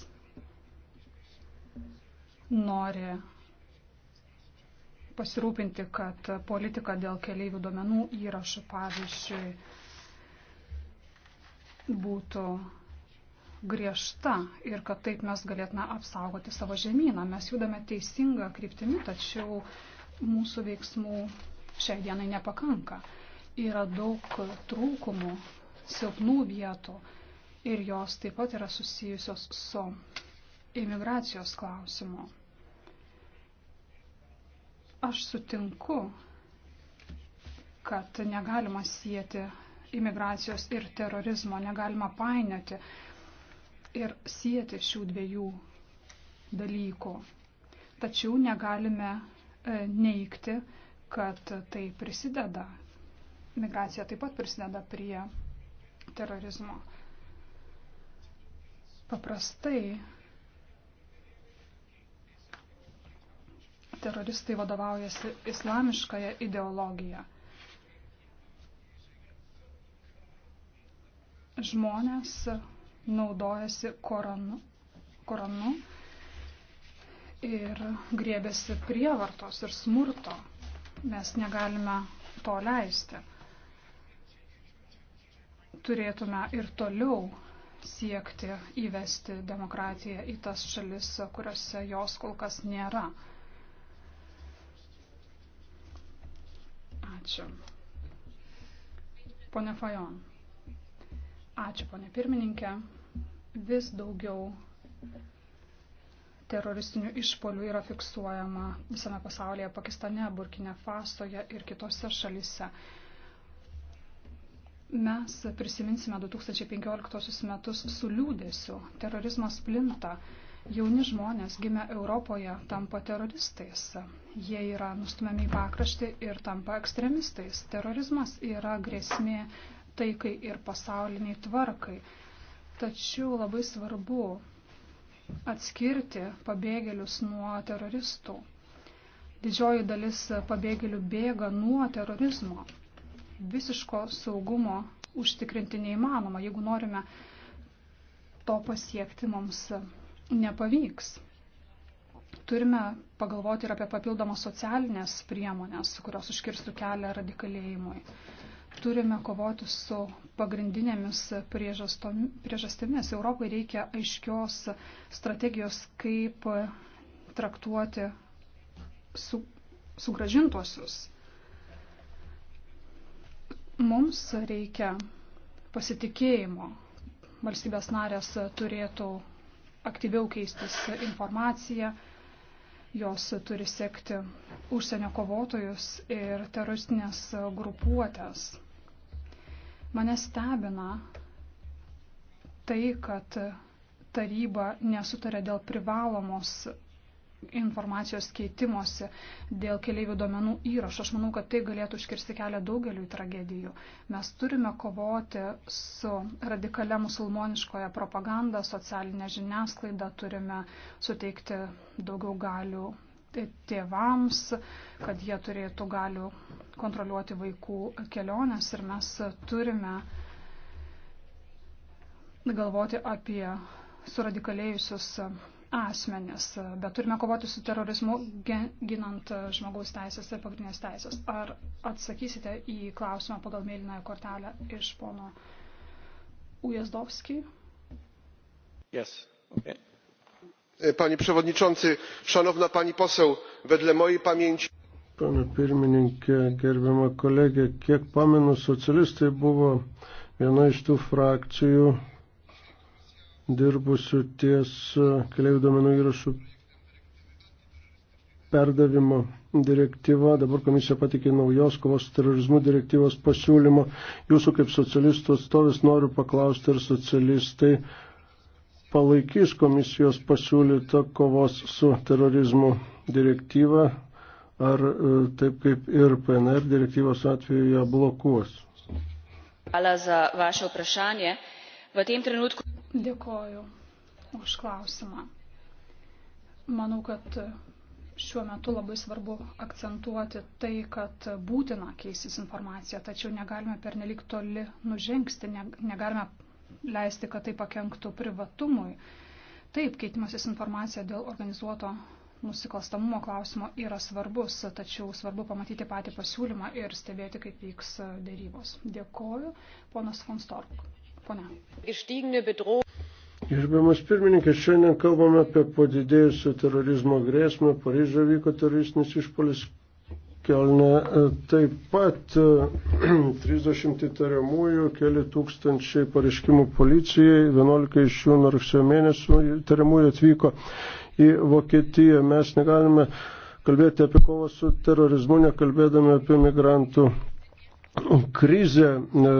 nori pasirūpinti, kad politika dėl keliaivių duomenų įrašų, pavyzdžiui, būtų griežta ir kad taip mes galėtume apsaugoti savo žemyną. Mes judame teisingą kryptimį, tačiau mūsų veiksmų šiai dienai nepakanka. Yra daug trūkumų, silpnų vietų ir jos taip pat yra susijusios su imigracijos klausimo. Aš sutinku, kad negalima sieti imigracijos ir terorizmo, negalima painioti ir sieti šių dviejų dalykų. Tačiau negalime e, neikti, kad tai prisideda. Migracija taip pat prisideda prie terorizmo. Paprastai teroristai vadovaujasi islamiškąją ideologiją. Žmonės naudojasi Koranu, koranu ir grėbėsi prievartos ir smurto. Mes negalime to leisti. Turėtume ir toliau siekti įvesti demokratiją į tas šalis, kuriuose jos kol kas nėra. Ačiū. Pone Fajon. Ačiū, ponė pirmininkė. Vis daugiau teroristinių išpolių yra fiksuojama visame pasaulyje - Pakistane, Burkine Fasoje ir kitose šalise. Mes prisiminsime 2015 metus su liūdėsiu. Terorizmas plinta Jauni žmonės gimę Europoje tampa teroristais. Jie yra nustumiami į pakraštį ir tampa ekstremistais. Terorizmas yra grėsmė taikai ir pasauliniai tvarkai. Tačiau labai svarbu atskirti pabėgėlius nuo teroristų. Didžioji dalis pabėgėlių bėga nuo terorizmo. Visiško saugumo užtikrinti neįmanoma. Jeigu norime to pasiekti, mums nepavyks. Turime pagalvoti ir apie papildomas socialinės priemonės, kurios užkirstų kelią radikalėjimui. Turime kovoti su pagrindinėmis priežastimis. Europai reikia aiškios strategijos, kaip traktuoti su, sugražintuosius. Mums reikia pasitikėjimo. Valstybės narės turėtų aktyviau keistis informaciją, jos turi sekti užsienio kovotojus ir teroristinės grupuotės. Mane stebina tai, kad taryba nesutarė dėl privalomos informacijos keitimosi dėl keliaivių duomenų įrašo. Aš manau, kad tai galėtų užkirsti kelią daugeliu tragedijų. Mes turime kovoti su radikale musulmoniškoje propaganda, socialinė žiniasklaida, turime suteikti daugiau galių tėvams, kad jie turėtų galių kontroliuoti vaikų keliones ir mes turime galvoti apie suradikalėjusius asmenis, bet turime kovoti su terorizmu ginant žmogaus teisės ir pagrindinės teisės. Ar atsakysite į klausimą pagal mėlynąją kortelę iš pono Ujazdowski? Yes. Okay. E, panie przewodniczący, szanowna pani poseł, wedle mojej pamięci. Pane pirmininkė, gerbiama kolegė, kiek pamenu, socialistai buvo viena iš tų frakcijų, dirbusių ties e, keliaivių duomenų įrašų perdavimo direktyva. Dabar komisija patikė naujos kovos su terorizmu direktyvos pasiūlymo. Jūsų kaip socialistų atstovės noriu paklausti, ar socialistai palaikys komisijos pasiūlytą kovos su terorizmu direktyvą, ar e, taip kaip ir PNR direktyvos atveju ją blokuos. Hvala za vaše vprašanje. V tem trenutku Dėkoju už klausimą. Manau, kad šiuo metu labai svarbu akcentuoti tai, kad būtina keisis informacija, tačiau negalime pernelik toli nužengsti, negalime leisti, kad tai pakenktų privatumui. Taip, keitimasis informacija dėl organizuoto nusikalstamumo klausimo yra svarbus, tačiau svarbu pamatyti patį pasiūlymą ir stebėti, kaip vyks dėrybos. Dėkoju, ponas Fonstork. Pone. Gerbiamas pirmininkas, šiandien kalbame apie padidėjusią terorizmo grėsmę. Paryžioje vyko teroristinis išpolis Kelne. E, taip pat 30 e, tariamųjų, keli tūkstančiai pareiškimų policijai, 11 iš jų nuo rugsėjo mėnesio tariamųjų atvyko į Vokietiją. Mes negalime kalbėti apie kovą su terorizmu, nekalbėdami apie migrantų krizę. Ne,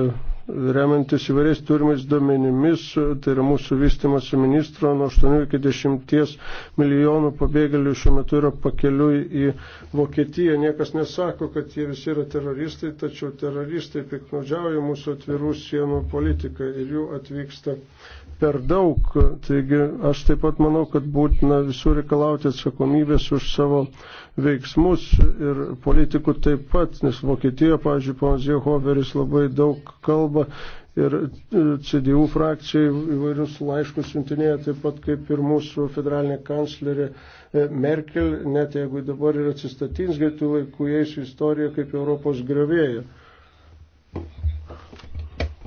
remiantis įvairiais turimais duomenimis, tai yra mūsų vystimas ministro, nuo 8 iki 10 milijonų pabėgėlių šiuo metu yra pakeliui į Vokietiją. Niekas nesako, kad jie visi yra teroristai, tačiau teroristai piknaudžiauja mūsų atvirų sienų politiką ir jų atvyksta per daug. Taigi aš taip pat manau, kad būtina visų reikalauti atsakomybės už savo veiksmus ir politikų taip pat, nes Vokietijoje, pavyzdžiui, ponas Jehoveris labai daug kalba ir e, CDU frakcijai įvairius laiškus siuntinėja taip pat kaip ir mūsų federalinė kanclerė e, Merkel, net jeigu dabar ir atsistatins greitų laikų, jais istorija kaip Europos grevėja.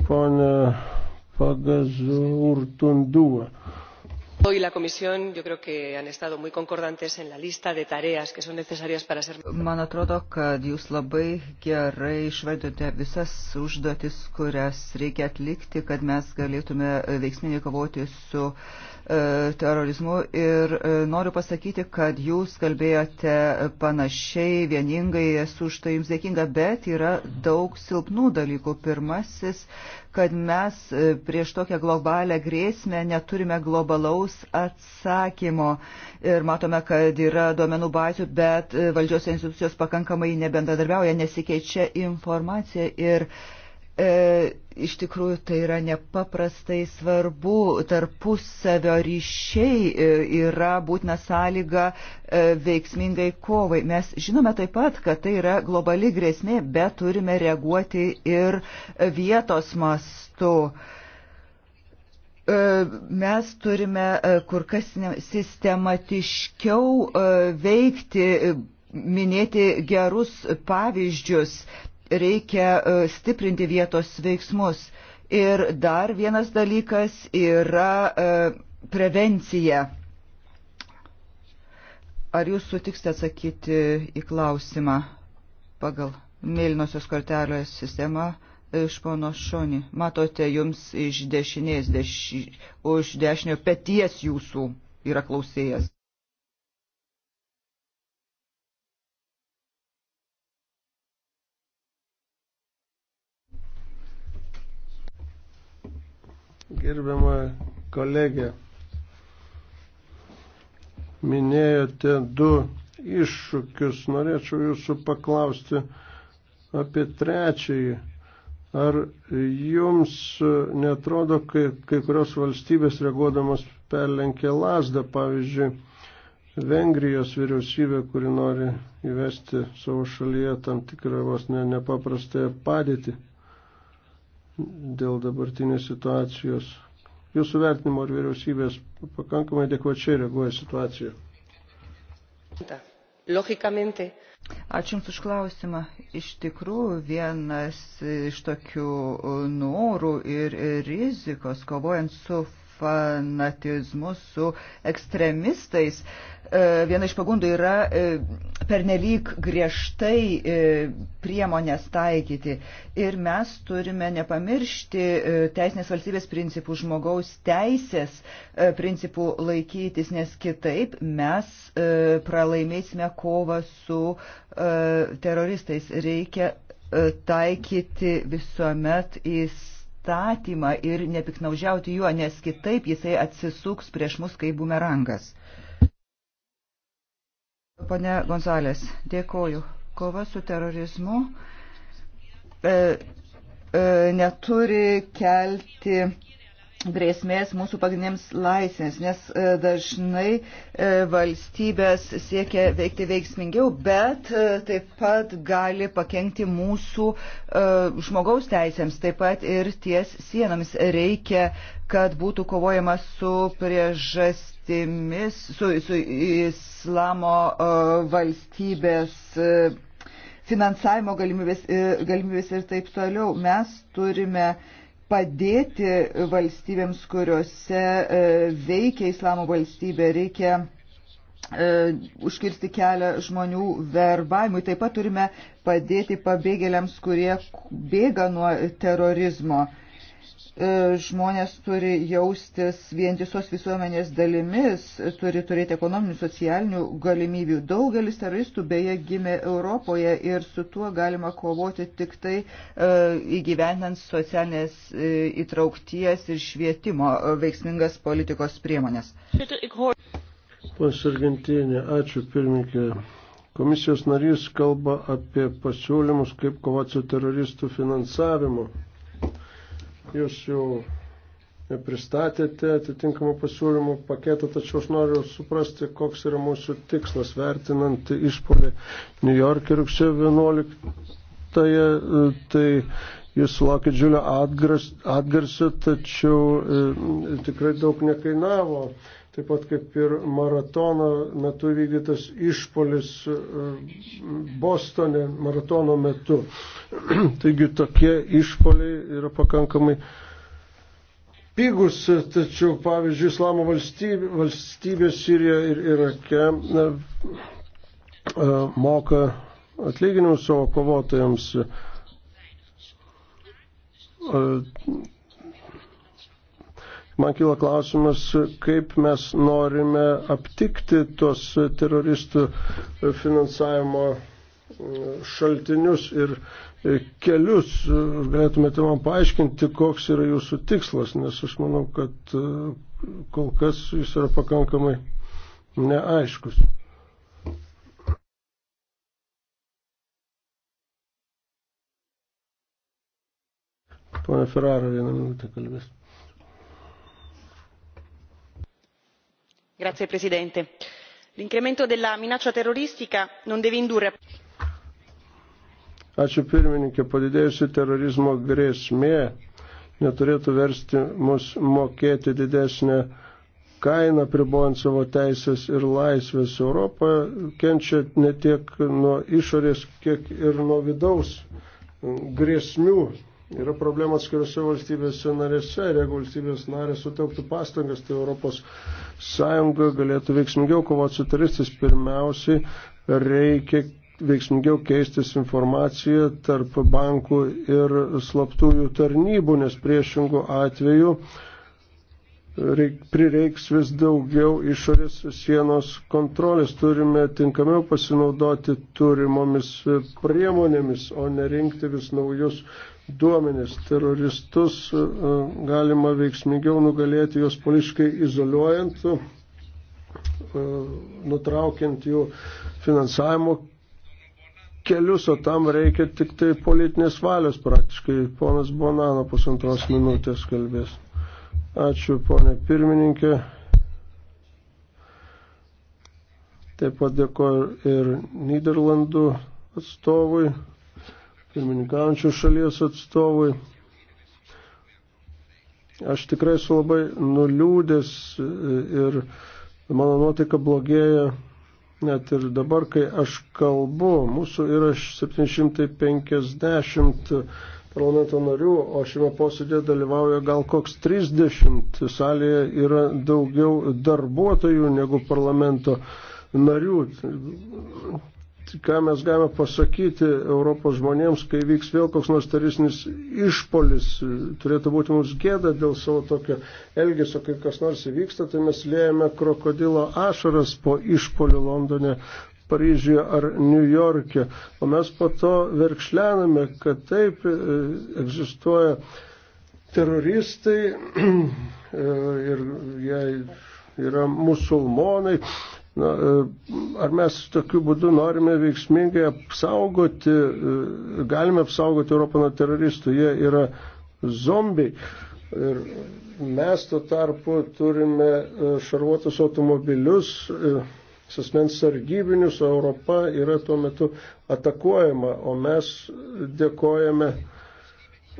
Pone Pagazurtundua. Hoy la Comisión yo creo que han estado muy concordantes en la lista de tareas que son necesarias para ser. Man atrodo, kad jūs labai gerai išvardote visas užduotis, kurias reikia atlikti, kad mes galėtume veiksmingai kovoti su uh, E, terorizmu ir e, noriu pasakyti, kad jūs kalbėjote panašiai, vieningai, esu už tai jums dėkinga, bet yra daug silpnų dalykų. Pirmasis, kad mes e, prieš tokią globalę grėsmę neturime globalaus atsakymo ir matome, kad yra duomenų bazių, bet valdžios institucijos pakankamai nebendradarbiauja, nesikeičia informacija ir uh, E, iš tikrųjų tai yra nepaprastai svarbu, tarpusavio ryšiai e, yra būtina sąlyga e, veiksmingai kovai. Mes žinome taip pat, kad tai yra globali grėsmė, bet turime reaguoti ir vietos mastu. E, mes turime kur kas sistematiškiau veikti, minėti gerus pavyzdžius reikia e, stiprinti vietos veiksmus. Ir dar vienas dalykas yra e, prevencija. Ar jūs sutiksite atsakyti į klausimą pagal mėlynosios kortelės sistemą iš pono šoni? Matote, jums iš dešinės, deši, už dešinio peties jūsų yra klausėjas. Gerbiama kolegė, minėjote du iššūkius. Norėčiau jūsų paklausti apie trečiąjį. Ar jums netrodo, kai, kai kurios valstybės reaguodamos perlenkė lasdą, pavyzdžiui, Vengrijos vyriausybė, kuri nori įvesti savo šalyje tam tikrą vos ne, nepaprastąją padėtį dėl dabartinės situacijos. Jūsų vertinimo ar vyriausybės pakankamai adekvačiai reaguoja situaciją? Logikamente. Ačiū Jums už klausimą. Iš tikrųjų, vienas iš tokių norų ir rizikos kovojant su fanatizmu, su ekstremistais. E, viena iš pagundų yra e, pernelyg griežtai e, priemonės taikyti. Ir mes turime nepamiršti teisinės valstybės principų, žmogaus teisės principų laikytis, nes kitaip mes pralaimėsime kovą su teroristais. Reikia taikyti visuomet į įstatymą ir nepiknaužiauti juo, nes kitaip jisai atsisuks prieš mus kaip bumerangas. Pane Gonzalės, dėkoju. Kova su terorizmu e, e, neturi kelti grėsmės mūsų pagrindiniams laisvėms, nes e, dažnai e, valstybės siekia veikti veiksmingiau, bet e, taip pat gali pakengti mūsų žmogaus teisėms, taip pat ir ties sienomis reikia, kad būtų kovojama su priežastimis, su, su islamo valstybės finansavimo galimybės, galimybės ir taip toliau. Mes turime uh, padėti valstybėms, kuriuose e, veikia islamo valstybė, reikia e, užkirsti kelią žmonių verbavimui. Taip pat turime padėti pabėgėliams, kurie bėga nuo terorizmo. E, žmonės turi jaustis vientisos visuomenės dalimis, turi turėti ekonominių, socialinių galimybių. Daugelis teroristų beje gimė Europoje ir su tuo galima kovoti tik tai e, įgyvendant socialinės e, įtraukties ir švietimo veiksmingas politikos priemonės. Pas Argentinė, ačiū pirmininkė. Komisijos narys kalba apie pasiūlymus, kaip kovoti su teroristų finansavimu. Jūs jau pristatėte atitinkamą pasiūlymų paketą, tačiau aš noriu suprasti, koks yra mūsų tikslas vertinant išpolį New York ir rugsėjo 11-ąją. Tai jis sulaukė džiulio atgarsio, tačiau e, tikrai daug nekainavo taip pat kaip ir maratono metu vykdytas išpolis e, Bostone maratono metu. Taigi tokie išpoliai yra pakankamai pigus, tačiau pavyzdžiui, Islamo valstybė, valstybė Sirija ir Irake na, e, moka atlyginimus savo kovotojams e, Man kilo klausimas, kaip mes norime aptikti tos teroristų finansavimo šaltinius ir kelius. Galėtumėte man paaiškinti, koks yra jūsų tikslas, nes aš manau, kad kol kas jis yra pakankamai neaiškus. Pone Ferraro, vieną minutę kalbės. signor presidente onorevoli colleghi l'incremento della minaccia terroristica non deve indurre. padidėjusi terorizmo grėsmė neturėtų versti mus mokėti didesnę kainą apribojant savo teises ir laisves. Europa kenčia ne tiek nuo išorės, kiek ir nuo vidaus grėsmių Yra problema atskiriuose valstybėse narėse ir jeigu valstybės narės sutelktų pastangas, tai Europos Sąjunga galėtų veiksmingiau kovoti su teroristais. Pirmiausiai reikia veiksmingiau keistis informaciją tarp bankų ir slaptųjų tarnybų, nes priešingų atveju reik, prireiks vis daugiau išorės sienos kontrolės. Turime tinkamiau pasinaudoti turimomis priemonėmis, o nerinkti vis naujus duomenis. Teroristus e, galima veiksmingiau nugalėti juos politiškai izoliuojant, e, nutraukiant jų finansavimo kelius, o tam reikia tik tai politinės valios praktiškai. Ponas Bonano pusantros minutės kalbės. Ačiū, ponė pirmininkė. Taip pat dėkoju ir Niderlandų atstovui pirmininkaujančių šalies atstovui. Aš tikrai esu labai nuliūdęs e, ir mano nuotaika blogėja net ir dabar, kai aš kalbu. Mūsų yra 750 parlamento narių, o šiame posėdėje dalyvauja gal koks 30. Salėje yra daugiau darbuotojų negu parlamento narių ką mes galime pasakyti Europos žmonėms, kai vyks vėl koks nors teroristinis išpolis, turėtų būti mums gėda dėl savo tokio elgesio, kai kas nors įvyksta, tai mes lėjame krokodilo ašaras po išpolių Londone. Paryžiuje ar New York'e, o mes po to verkšlename, kad taip e, egzistuoja teroristai e, ir jie yra musulmonai, Na, e, ar mes tokiu būdu norime veiksmingai apsaugoti, e, galime apsaugoti Europą nuo teroristų, jie yra zombiai. Ir mes tuo tarpu turime e, šarvuotus automobilius, asmens sargybinius, o Europa yra tuo metu atakuojama, o mes dėkojame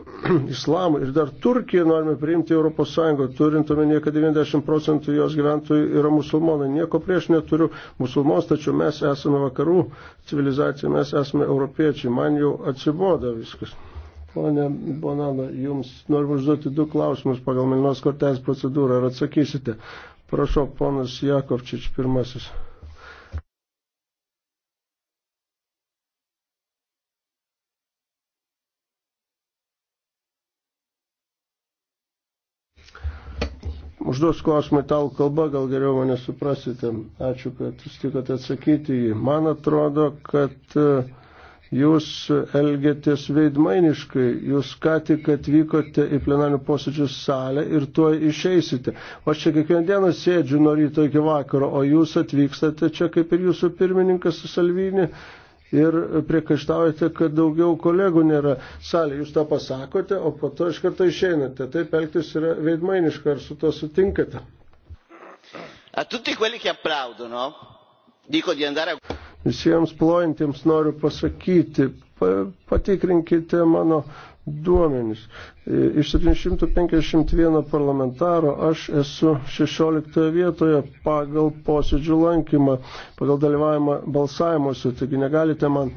islamą ir dar Turkiją norime priimti Europos Sąjungą, turint omenyje, kad 90 procentų jos gyventojų yra musulmonai. Nieko prieš neturiu musulmons, tačiau mes esame vakarų civilizacija, mes esame europiečiai. Man jau atsiboda viskas. Pone Bonano, jums noriu užduoti du klausimus pagal Milnos kortelės procedūrą. Ar atsakysite? Prašau, ponas Jakovčič, pirmasis. užduos klausimą italų kalba, gal geriau mane suprasite. Ačiū, kad sutikote atsakyti jį. Man atrodo, kad e, jūs elgėtės veidmainiškai. Jūs ką tik atvykote į plenarių posėdžių salę ir tuo išeisite. O aš čia kiekvieną dieną sėdžiu nuo ryto iki vakaro, o jūs atvykstate čia kaip ir jūsų pirmininkas Salvini ir priekaištaujate, kad daugiau kolegų nėra salėje. Jūs tą pasakote, o po to iš karto išeinate. Taip elgtis yra veidmainiška, ar su to sutinkate? A tutti quelli che applaudono, dico di andare a... Visiems plojantiems noriu pasakyti, patikrinkite mano duomenys. E, iš 751 parlamentaro aš esu 16 vietoje pagal posėdžių lankymą, pagal dalyvavimą balsavimuose, taigi negalite man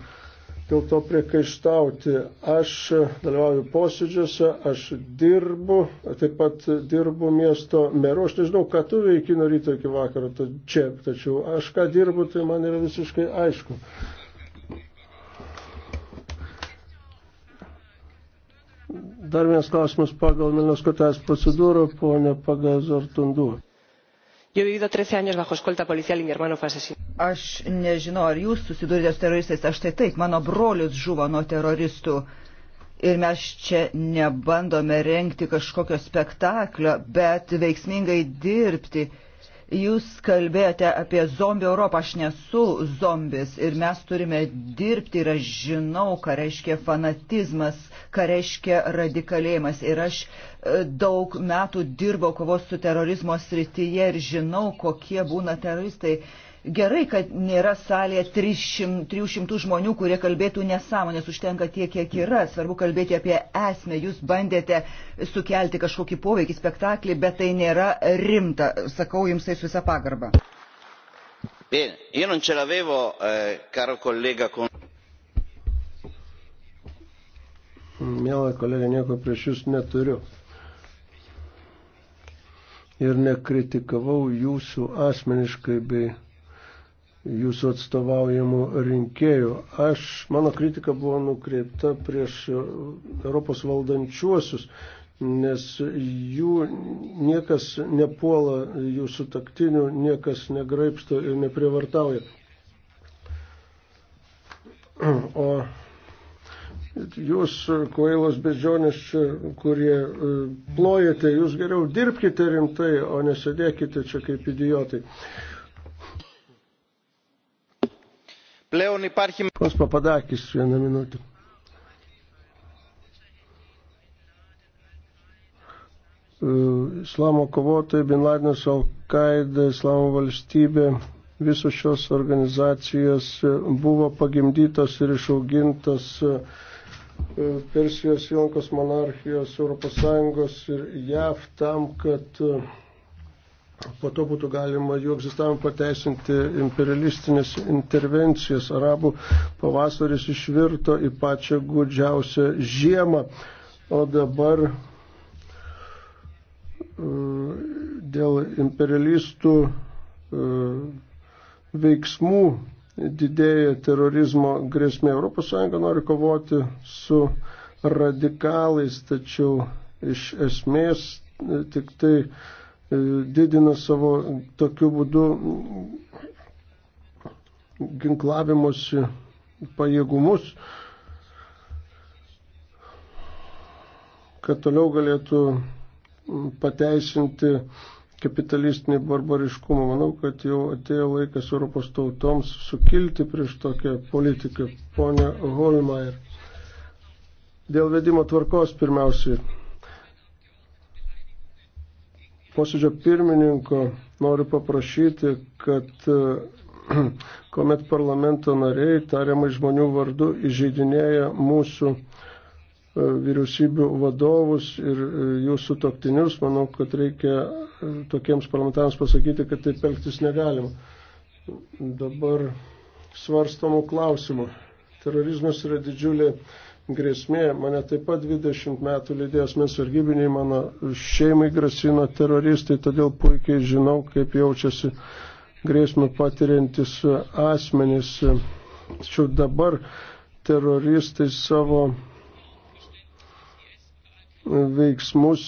dėl to priekaištauti. Aš dalyvauju posėdžiuose, aš dirbu, taip pat dirbu miesto meru. Aš nežinau, ką tu veiki nuo ryto iki vakaro čia, tačiau aš ką dirbu, tai man yra visiškai aišku. Dar vienas klausimas pagal Milnos kortelės procedūrą, ponė pagal Zartundų. Yo he vivido 13 años bajo escolta policial y mi hermano fue asesinado. Aš nežinau, ar jūs susidūrėte su teroristais, aš tai taip, mano brolius žuvo nuo teroristų. Ir mes čia nebandome renkti kažkokio spektaklio, bet veiksmingai dirbti Jūs kalbėjote apie zombių Europą, aš nesu zombis ir mes turime dirbti ir aš žinau, ką reiškia fanatizmas, ką reiškia radikalėjimas ir aš e, daug metų dirbau kovos su terorizmo srityje ir žinau, kokie būna teroristai. Uh, Gerai, kad nėra salėje 300, 300 žmonių, kurie kalbėtų nesąmonės, užtenka tiek, kiek yra. Svarbu kalbėti apie esmę. Jūs bandėte sukelti kažkokį poveikį spektaklį, bet tai nėra rimta. Sakau jums tai su visa pagarba. Bene, io non ce l'avevo, eh, caro collega. Con... Mėla kolega, nieko prieš jūs neturiu. Ir nekritikavau jūsų asmeniškai bei jūsų atstovaujamų rinkėjų. Aš, mano kritika buvo nukreipta prieš Europos valdančiuosius, nes jų niekas nepuola, jūsų taktinių niekas negraipsto ir neprivartauja. O jūs, kvailos bežionės, kurie e, plojate, jūs geriau dirbkite rimtai, o nesėdėkite čia kaip idiotai. Πλέον υπάρχει... Πώς Παπαδάκης, ένα μινούτο. Islamo kovotojai, Bin Ladenas, Al-Qaeda, Islamo valstybė, visos šios organizacijos e, buvo pagimdytos ir išaugintos e, e, Persijos Jonkos monarchijos, ES ir JAV tam, kad po to būtų galima jų egzistavimą pateisinti imperialistinės intervencijas. Arabų pavasaris išvirto į pačią gudžiausią žiemą, o dabar e, dėl imperialistų e, veiksmų didėja terorizmo grėsmė. ES nori kovoti su radikalais, tačiau iš esmės e, tik tai E, didina savo tokiu būdu ginklavimosi pajėgumus, kad toliau galėtų pateisinti kapitalistinį barbariškumą. Manau, kad jau atėjo laikas Europos tautoms sukilti prieš tokią politiką, ponę Holmeier. Dėl vedimo tvarkos pirmiausiai posėdžio pirmininko noriu paprašyti, kad kuomet parlamento nariai tariamai žmonių vardu įžeidinėja mūsų e, vyriausybių vadovus ir e, jūsų toktinius, manau, kad reikia e, tokiems parlamentarams pasakyti, kad taip elgtis negalima. Dabar svarstamų klausimų. Terorizmas yra didžiulė grėsmė. Mane taip pat 20 metų lydėjęs mes sargybiniai mano šeimai grasino teroristai, todėl puikiai žinau, kaip jaučiasi grėsmę patiriantis asmenys. Tačiau dabar teroristai savo veiksmus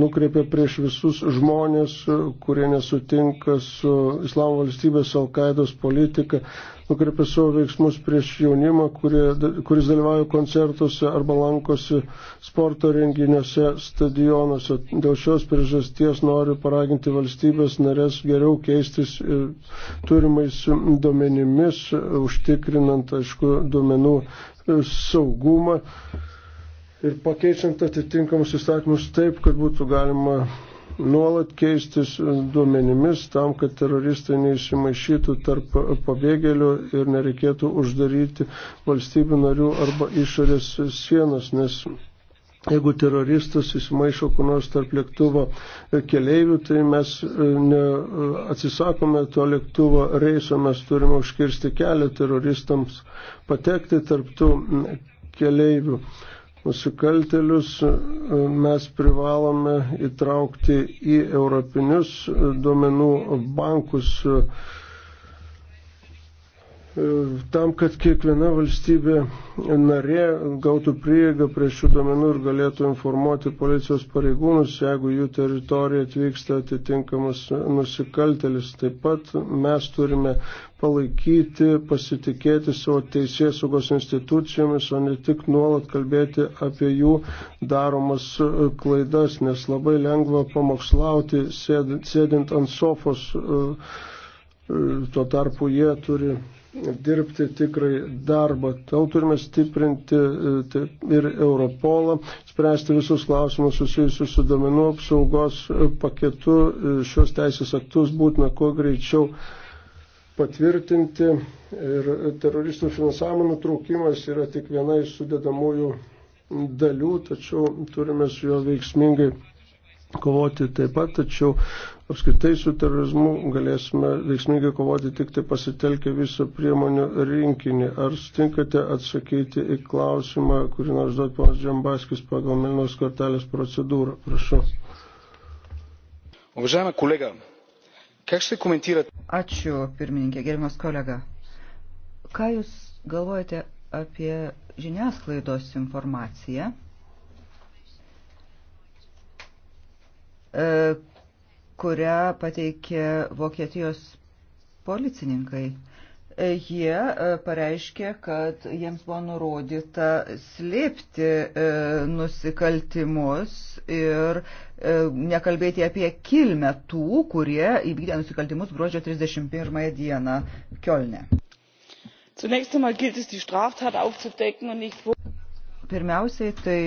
nukreipia prieš visus žmonės, kurie nesutinka su Islamo valstybės Alkaidos politika nukreipia savo veiksmus prieš jaunimą, kurie, kuris dalyvauja koncertuose arba lankosi sporto renginiuose, stadionuose. Dėl šios priežasties noriu paraginti valstybės narės geriau keistis turimais duomenimis, užtikrinant, aišku, duomenų saugumą ir pakeičiant atitinkamus įstatymus taip, kad būtų galima nuolat keistis e, duomenimis tam, kad teroristai neįsimaišytų tarp pabėgėlių ir nereikėtų uždaryti valstybių narių arba išorės sienos, nes jeigu teroristas įsimaišo kur nors tarp lėktuvo keleivių, tai mes e, ne, e, atsisakome to lėktuvo reiso, mes turime užkirsti kelią teroristams patekti tarptų keleivių nusikaltelius mes privalome įtraukti į europinius duomenų bankus tam, kad kiekviena valstybė narė gautų prieigą prie šių domenų ir galėtų informuoti policijos pareigūnus, jeigu jų teritoriją atvyksta atitinkamas nusikaltelis. Taip pat mes turime palaikyti, pasitikėti savo teisės saugos institucijomis, o ne tik nuolat kalbėti apie jų daromas e, klaidas, nes labai lengva pamokslauti, sėdint ant sofos, e, e, tuo tarpu jie turi dirbti tikrai darbą. Tau turime stiprinti tai ir Europolą, spręsti visus klausimus susijusius su domenų apsaugos paketu. Šios teisės aktus būtina kuo greičiau patvirtinti ir teroristų finansavimo nutraukimas yra tik viena iš sudėdamųjų dalių, tačiau turime su juo veiksmingai kovoti taip pat, tačiau apskritai su terorizmu galėsime veiksmingai kovoti tik tai pasitelkę visą priemonių rinkinį. Ar sutinkate atsakyti į klausimą, kurį nors duot ponas Džambaskis pagal Milnos kortelės procedūrą? Prašau. Уважаема колега, Ačiū, pirmininkė, gerimas kolega. Ką Jūs galvojate apie žiniasklaidos informaciją? E, kurią pateikė Vokietijos policininkai jie e, pareiškė, kad jiems buvo nurodyta slėpti e, nusikaltimus ir e, nekalbėti apie kilmę tų, kurie įvykdė nusikaltimus gruodžio 31 dieną Kielne. Pirmiausiai tai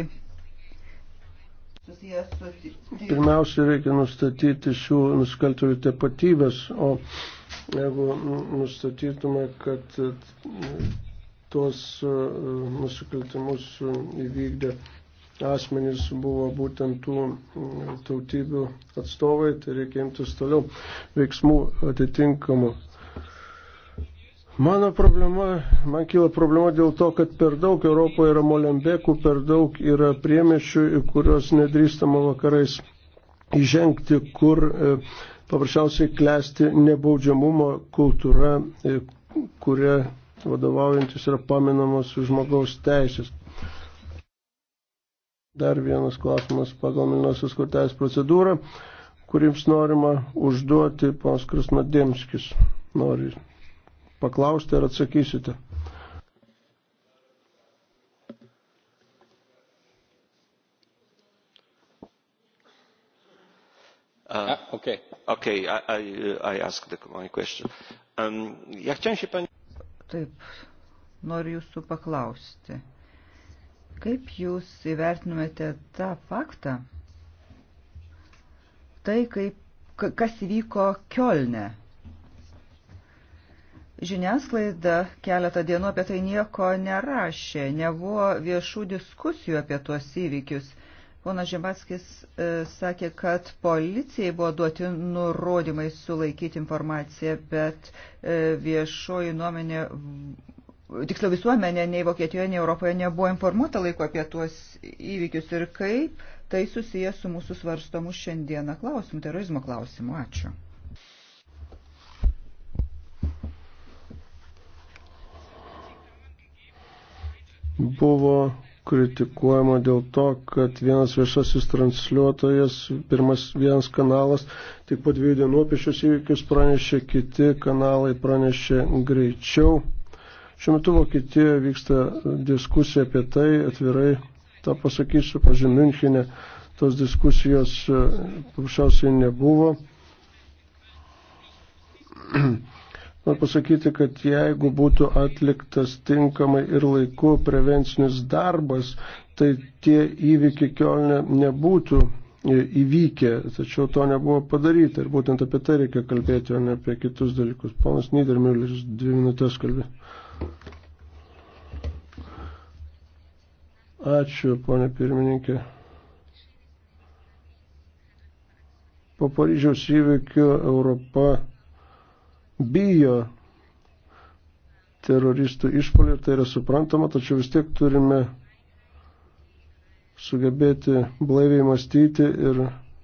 Pirmiausia, reikia nustatyti šių nusikaltėlių tapatybės, o jeigu nu, nustatytume, kad tuos e, nusikaltimus įvykdė asmenys buvo būtent tų e, tautybių atstovai, tai reikia imtis toliau veiksmų atitinkamų. Mano problema, man kyla problema dėl to, kad per daug Europoje yra molembekų, per daug yra priemešių, į kuriuos nedrįstama vakarais įžengti, kur e, paprasčiausiai klesti nebaudžiamumo kultūra, e, kuria vadovaujantis yra paminamos žmogaus teisės. Dar vienas klausimas pagal Milnosios kortelės procedūrą, kuriems norima užduoti, pas Krasnodėmskis nori paklausti ar atsakysite. Uh, ah, okay. Okay, I, I, I asked my question. Um, ja chciałem się pani... Taip, noriu jūsų paklausti. Kaip jūs įvertinumėte tą faktą? Tai, kaip, kas įvyko Kielne? Žiniasklaida keletą dienų apie tai nieko nerašė, nebuvo viešų diskusijų apie tuos įvykius. Ponas Žemaskis e, sakė, kad policijai buvo duoti nurodymai sulaikyti informaciją, bet e, viešoji nuomenė, tiksliau visuomenė, nei Vokietijoje, nei Europoje nebuvo informuota laiko apie tuos įvykius ir kaip tai susijęs su mūsų svarstomu šiandieną klausimu, terorizmo klausimu. Ačiū. Buvo kritikuojama dėl to, kad vienas viešasis transliuotojas, pirmas vienas kanalas, tik po dviejų dienų apie šios įvykius pranešė, kiti kanalai pranešė greičiau. Šiuo metu Vokietijoje vyksta diskusija apie tai, atvirai tą pasakysiu, pažyminkime, tos diskusijos e, paprasčiausiai nebuvo. Noriu pasakyti, kad jeigu būtų atliktas tinkamai ir laiku prevencinis darbas, tai tie įvykiai kelne nebūtų e, įvykę, tačiau to nebuvo padaryta. Ir būtent apie tai reikia kalbėti, o ne apie kitus dalykus. Ponas Niedermüller, dvi minutės kalbė. Ačiū, ponė pirmininkė. Po Paryžiaus įvykių Europa bijo teroristų išpolį, tai yra suprantama, tačiau vis tiek turime sugebėti blaiviai mąstyti ir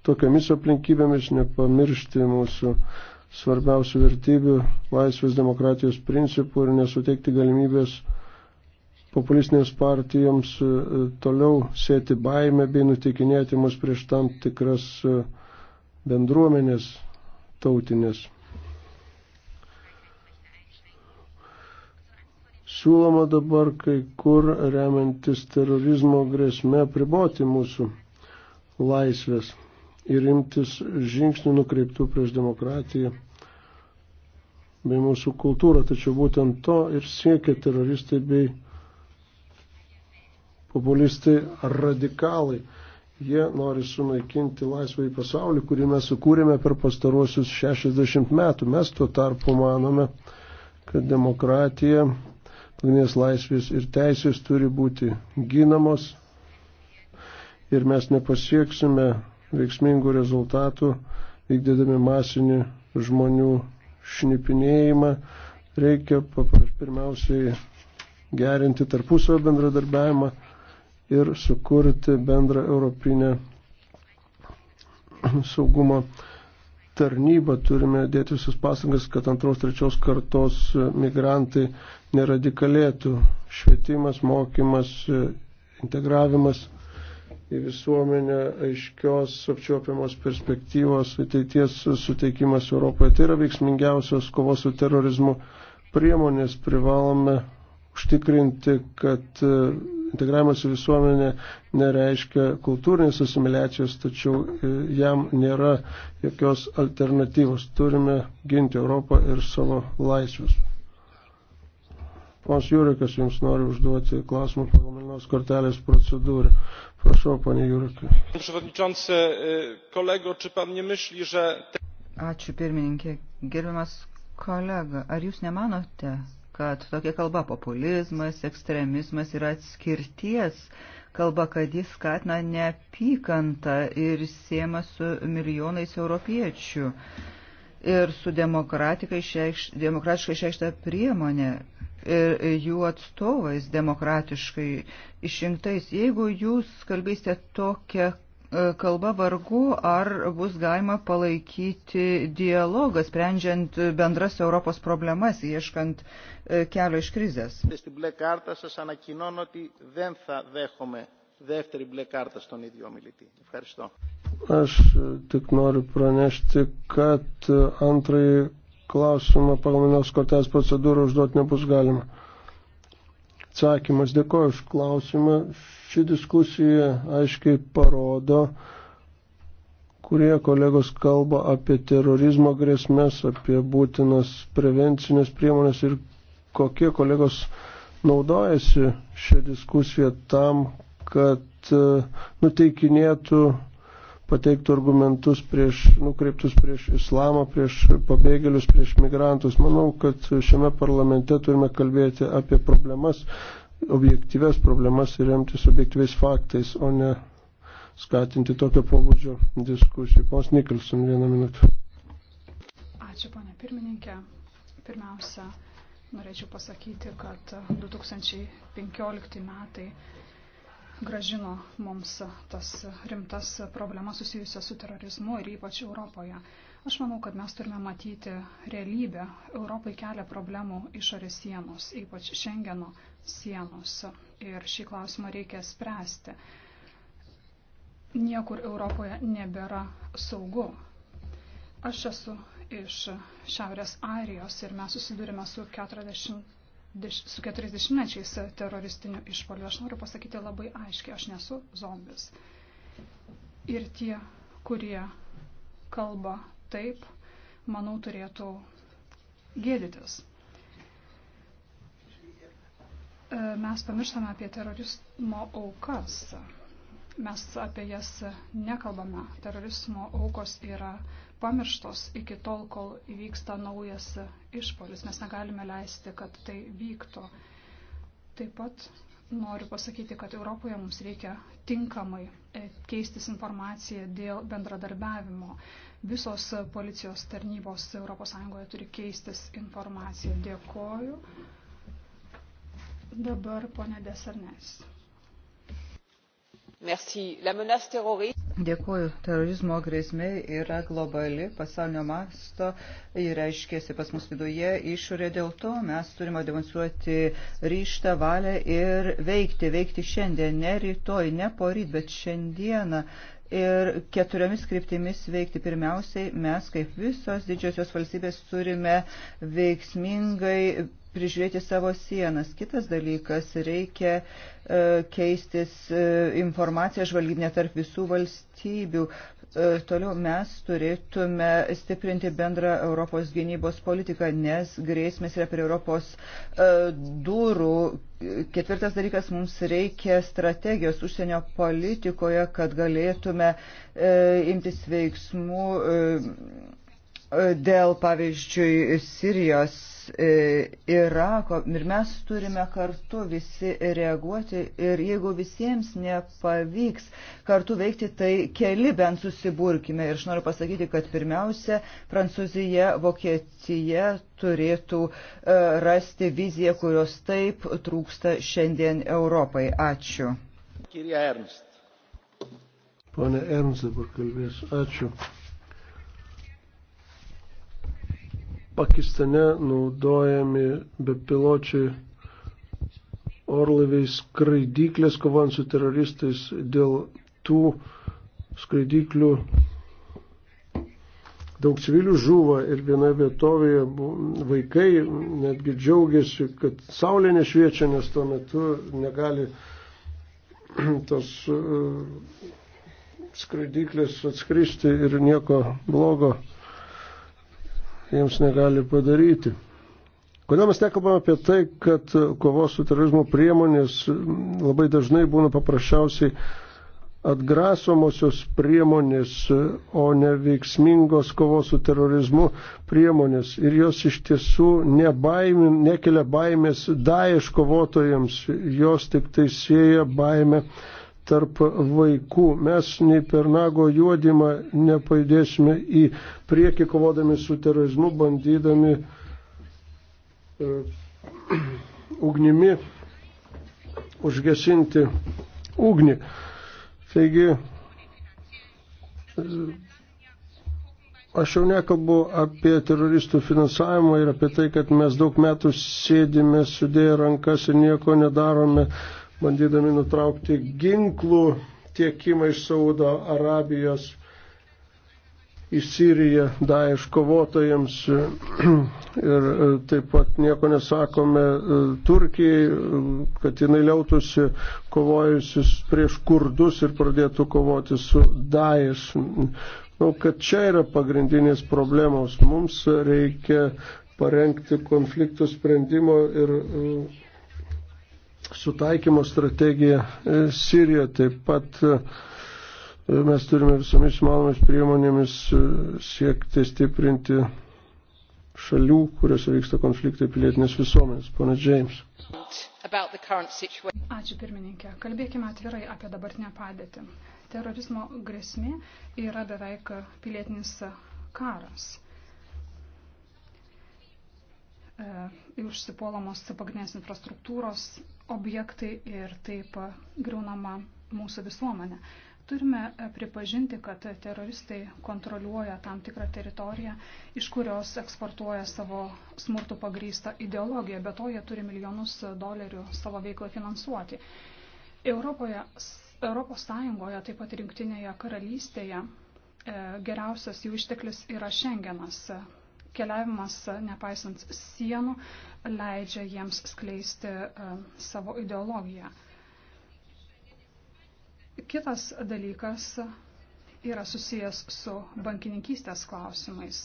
tokiamis aplinkybėmis nepamiršti mūsų svarbiausių vertybių, laisvės demokratijos principų ir nesuteikti galimybės populistinėms partijoms e, toliau sėti baimę bei nutikinėti mus prieš tam tikras e, bendruomenės tautinės. siūloma dabar kai kur remiantis terorizmo grėsme priboti mūsų laisvės ir imtis žingsnių nukreiptų prieš demokratiją bei mūsų kultūrą. Tačiau būtent to ir siekia teroristai bei populistai radikalai. Jie nori sunaikinti laisvąjį pasaulį, kurį mes sukūrėme per pastaruosius 60 metų. Mes tuo tarpu manome, kad demokratija pagrindinės laisvės ir teisės turi būti ginamos ir mes nepasieksime veiksmingų rezultatų vykdydami masinį žmonių šnipinėjimą. Reikia pirmiausiai gerinti tarpusavio bendradarbiavimą ir sukurti bendrą europinę saugumo tarnybą. Turime dėti visus pasangas, kad antros, trečios kartos migrantai neradikalėtų. Švietimas, mokymas, integravimas į visuomenę aiškios apčiopiamos perspektyvos ateities suteikimas Europoje. Tai yra veiksmingiausios kovos su terorizmu priemonės. Privalome užtikrinti, kad e, integravimas į visuomenę nereiškia kultūrinės asimiliacijos, tačiau e, jam nėra jokios alternatyvos. Turime ginti Europą ir savo laisvės. Pons Jūrikas, jums noriu užduoti klausimą pagal Milnos kortelės procedūrą. Prašau, panie Jūrikai. Ačiū pirmininkė. Gerbiamas kolega, ar jūs nemanote, kad tokia kalba populizmas, ekstremizmas yra atskirties kalba, kad jis skatina neapykantą ir siema su milijonais europiečių ir su demokratiškai išreikšta priemonė ir jų atstovais demokratiškai išrinktais. Jeigu jūs kalbėsite tokią e, kalba vargu, ar bus galima palaikyti dialogą, sprendžiant bendras Europos problemas, ieškant e, kelio iš krizės. Aš tik noriu pranešti, kad antrąjį klausimą pagal manos kortelės procedūrą užduoti nebus galima. Atsakymas, dėkoju už klausimą. Ši diskusija aiškiai parodo, kurie kolegos kalba apie terorizmo grėsmės, apie būtinas prevencinės priemonės ir kokie kolegos naudojasi šią diskusiją tam, kad e, nuteikinėtų pateiktų argumentus prieš, nukreiptus prieš islamą, prieš pabėgėlius, prieš migrantus. Manau, kad šiame parlamente turime kalbėti apie problemas, objektyves problemas ir remtis objektyviais faktais, o ne skatinti tokio pobūdžio diskusijų. Pons Nikolson, vieną minutę. Ačiū, ponė pirmininkė. Pirmiausia, norėčiau pasakyti, kad 2015 metai gražino mums tas rimtas problemas susijusias su terorizmu ir ypač Europoje. Aš manau, kad mes turime matyti realybę. Europai kelia problemų išorės sienos, ypač Šengeno sienos. Ir šį klausimą reikia spręsti. Niekur Europoje nebėra saugu. Aš esu iš Šiaurės Airijos ir mes susidurime su 40 su 40-mečiais teroristinių išpolių. Aš noriu pasakyti labai aiškiai, aš nesu zombis. Ir tie, kurie kalba taip, manau, turėtų gėdytis. E, mes pamirštame apie terorizmo aukas. Mes apie jas nekalbame. Terorizmo aukos yra uh, pamirštos iki tol, kol įvyksta naujas išpolis. Mes negalime leisti, kad tai vyktų. Taip pat noriu pasakyti, kad Europoje mums reikia tinkamai e, keistis informaciją dėl bendradarbiavimo. Visos policijos tarnybos ES turi keistis informaciją. Dėkoju. Dabar ponė Desarnes. Merci. La menace terroriste. Dėkuoju. Terorizmo grėsmė yra globali, pasaulio masto, ji reiškėsi pas mus viduje, išorė dėl to mes turime demonstruoti ryštą, valią ir veikti, veikti šiandien, ne rytoj, ne poryt, bet šiandieną ir keturiomis kryptimis veikti. Pirmiausiai, mes kaip visos didžiosios valstybės turime veiksmingai prižiūrėti savo sienas. Kitas dalykas, reikia e, keistis e, informaciją žvalgybinę tarp visų valstybių. E, toliau mes turėtume stiprinti bendrą Europos gynybos politiką, nes grėsmės yra prie Europos e, durų. Ketvirtas dalykas, mums reikia strategijos užsienio politikoje, kad galėtume e, imtis veiksmų dėl, pavyzdžiui, Sirijos, e, Irako. Ir mes turime kartu visi reaguoti ir jeigu visiems nepavyks kartu veikti, tai keli bent susiburkime. Ir aš noriu pasakyti, kad pirmiausia, Prancūzija, Vokietija turėtų e, rasti viziją, kurios taip trūksta šiandien Europai. Ačiū. Kirja Ernst. Pone Ernst dabar kalbės. Ačiū. Pakistane naudojami bepiločiai orlaiviai skraidyklės kovant su teroristais dėl tų skraidyklių daug civilių žuvo ir viena vietovėje vaikai netgi džiaugiasi, kad saulė nešviečia, nes tuo metu negali tos e, skraidyklės atskristi ir nieko blogo jiems negali padaryti. Kodėl mes nekalbame apie tai, kad kovos su terorizmu priemonės labai dažnai būna paprasčiausiai atgrasomosios priemonės, o ne veiksmingos kovos su terorizmu priemonės. Ir jos iš tiesų nebaimin, nekelia baimės daeš kovotojams, jos tik tai sieja baimę tarp vaikų. Mes nei per nago juodimą nepajudėsime į priekį kovodami su terorizmu, bandydami uh, ugnimi užgesinti ugnį. Taigi, aš jau nekalbu apie teroristų finansavimą ir apie tai, kad mes daug metų sėdime sudėję rankas ir nieko nedarome bandydami nutraukti ginklų tiekimą iš Saudo Arabijos į Siriją Daesh kovotojams ir e, taip pat nieko nesakome e, Turkijai, e, kad jinai liautųsi kovojusius prieš kurdus ir pradėtų kovoti su Daesh. Nu, kad čia yra pagrindinės problemos. Mums reikia parengti konfliktų sprendimo ir uh, sutaikymo strategija e, Sirijoje. Taip pat e, mes turime visomis manomis priemonėmis e, siekti stiprinti šalių, kuriuose vyksta konfliktai pilietinės visuomenės. Pana James. Ačiū pirmininkė. Kalbėkime atvirai apie dabartinę padėtį. Terorizmo grėsmė yra beveik pilietinis karas. E, užsipuolamos pagrindinės infrastruktūros objektai ir taip griaunama mūsų visuomenė. Turime pripažinti, kad teroristai kontroliuoja tam tikrą teritoriją, iš kurios eksportuoja savo smurtų pagrįstą ideologiją, be to jie turi milijonus dolerių savo veiklą finansuoti. Europoje, Europos Sąjungoje, taip pat ir Junktinėje karalystėje e, geriausias jų išteklis yra Šengenas keliavimas, nepaisant sienų, leidžia jiems skleisti e, savo ideologiją. Kitas dalykas yra susijęs su bankininkystės klausimais.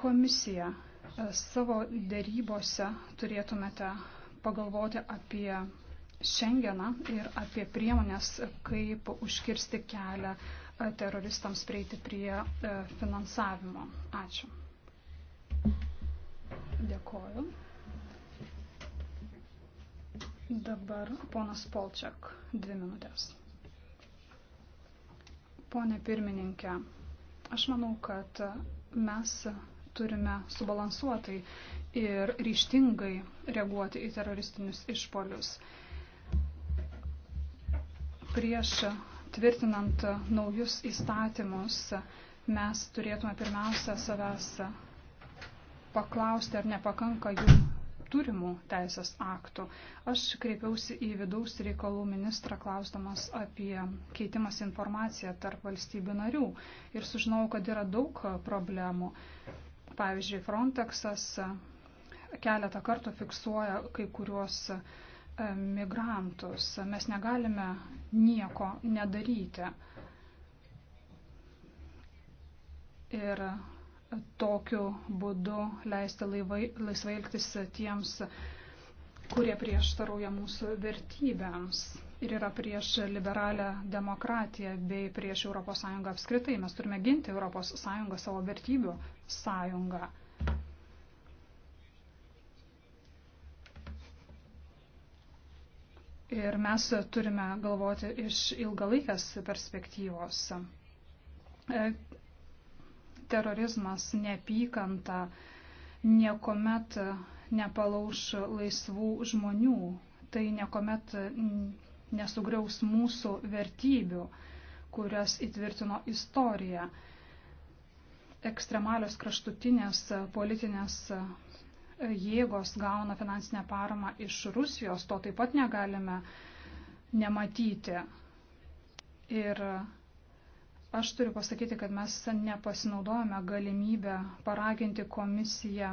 Komisija e, savo dėrybose turėtumėte pagalvoti apie Šengeną ir apie priemonės, kaip užkirsti kelią teroristams prieiti prie e, finansavimo. Ačiū. Dėkoju. Dabar ponas Polčiak, dvi minutės. Pone pirmininkė, aš manau, kad mes turime subalansuotai ir ryštingai reaguoti į teroristinius išpolius. Prieš tvirtinant naujus įstatymus, mes turėtume pirmiausia savęs paklausti, ar nepakanka jų turimų teisės aktų. Aš kreipiausi į vidaus reikalų ministrą klausdamas apie keitimas informaciją tarp valstybių narių ir sužinau, kad yra daug problemų. Pavyzdžiui, Frontexas keletą kartų fiksuoja kai kuriuos uh, migrantus. Mes negalime nieko nedaryti. Ir tokiu būdu leisti laivai, laisvai elgtis tiems, kurie prieštarauja mūsų vertybėms ir yra prieš liberalią demokratiją bei prieš ES apskritai. Mes turime ginti ES savo vertybių sąjungą. Ir mes turime galvoti iš ilgalaikės perspektyvos. E, terorizmas, neapykanta niekuomet nepalauš laisvų žmonių. Tai niekuomet nesugriaus mūsų vertybių, kurias įtvirtino istorija. Ekstremalios kraštutinės politinės jėgos gauna finansinę paramą iš Rusijos, to taip pat negalime nematyti. Ir aš turiu pasakyti, kad mes nepasinaudojame galimybę paraginti komisiją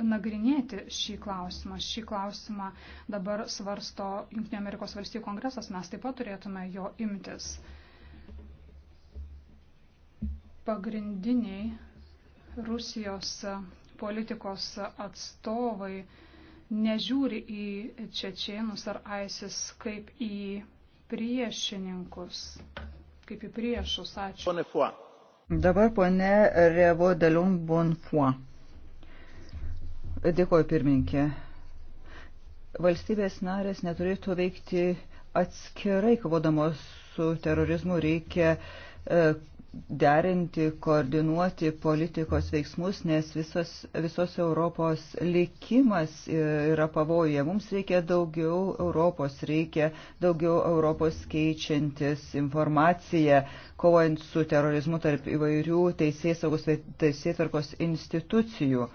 nagrinėti šį klausimą. Šį klausimą dabar svarsto JAV kongresas, mes taip pat turėtume jo imtis. Pagrindiniai Rusijos politikos atstovai nežiūri į čečienus ar aisis kaip į priešininkus, kaip į priešus. Ačiū. Dabar ponė Revo Daliung Bonfua. Dėkuoju pirmininkė. Valstybės narės neturėtų veikti atskirai kovodamos su terorizmu, reikia e, derinti, koordinuoti politikos veiksmus, nes visos, visos Europos likimas yra pavoje. Mums reikia daugiau Europos, reikia daugiau Europos keičiantis informaciją, kovojant su terorizmu tarp įvairių teisės saugos teisėtvarkos institucijų.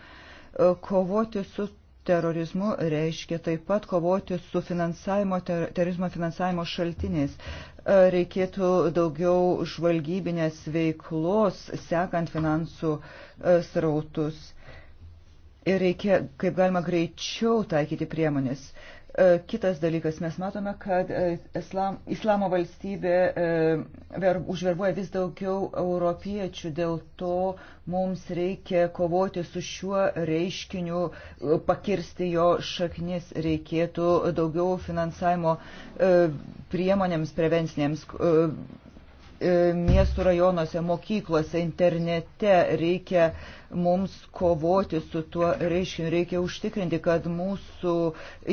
Kovoti su terorizmu reiškia taip pat kovoti su finansavimo, ter, terorizmo finansavimo šaltiniais. E, reikėtų daugiau žvalgybinės veiklos, sekant finansų e, srautus. Ir reikia, kaip galima greičiau taikyti priemonės. E, kitas dalykas, mes matome, kad e, islam, islamo valstybė e, ver, užverbuoja vis daugiau europiečių, dėl to mums reikia kovoti su šiuo reiškiniu, pakirsti jo šaknis, reikėtų daugiau finansavimo priemonėms prevencinėms E, miestų rajonuose, mokyklose, internete. Reikia mums kovoti su tuo reiškiniu, reikia užtikrinti, kad mūsų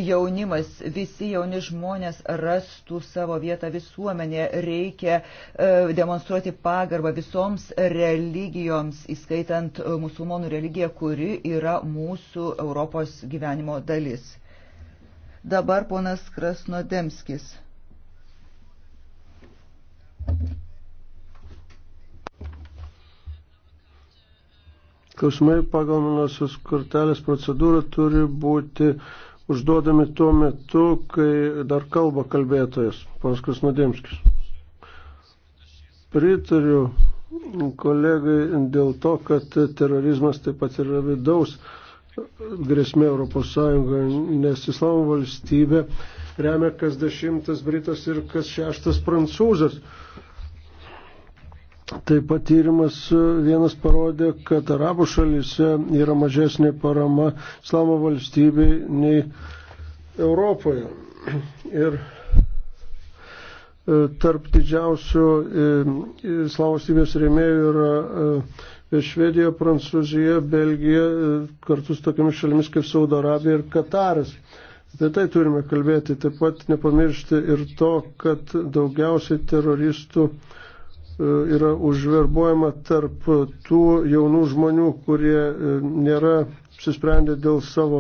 jaunimas, visi jauni žmonės rastų savo vietą visuomenėje. Reikia e, demonstruoti pagarbą visoms religijoms, įskaitant e, musulmonų religiją, kuri yra mūsų Europos gyvenimo dalis. Dabar ponas Krasnodemskis. Thank you. Klausimai pagal manosios kortelės procedūrą turi būti užduodami tuo metu, kai dar kalba kalbėtojas, panas Nodėmskis. Pritariu kolegai dėl to, kad terorizmas taip pat yra vidaus grėsmė Europos Sąjungoje, nes Islamo valstybė remia kas dešimtas Britas ir kas šeštas Prancūzas. Taip pat tyrimas e, vienas parodė, kad arabų šalyse yra mažesnė parama islamo valstybei nei Europoje. Ir e, tarp didžiausių e, islamo valstybės rėmėjų yra Švedija, Prancūzija, Belgija, kartu su tokiamis šalimis kaip Saudo Arabija ir Kataras. Tai tai turime kalbėti, taip pat nepamiršti ir to, kad daugiausiai teroristų uh, E, yra užverbuojama tarp tų jaunų žmonių, kurie e, nėra apsisprendę dėl savo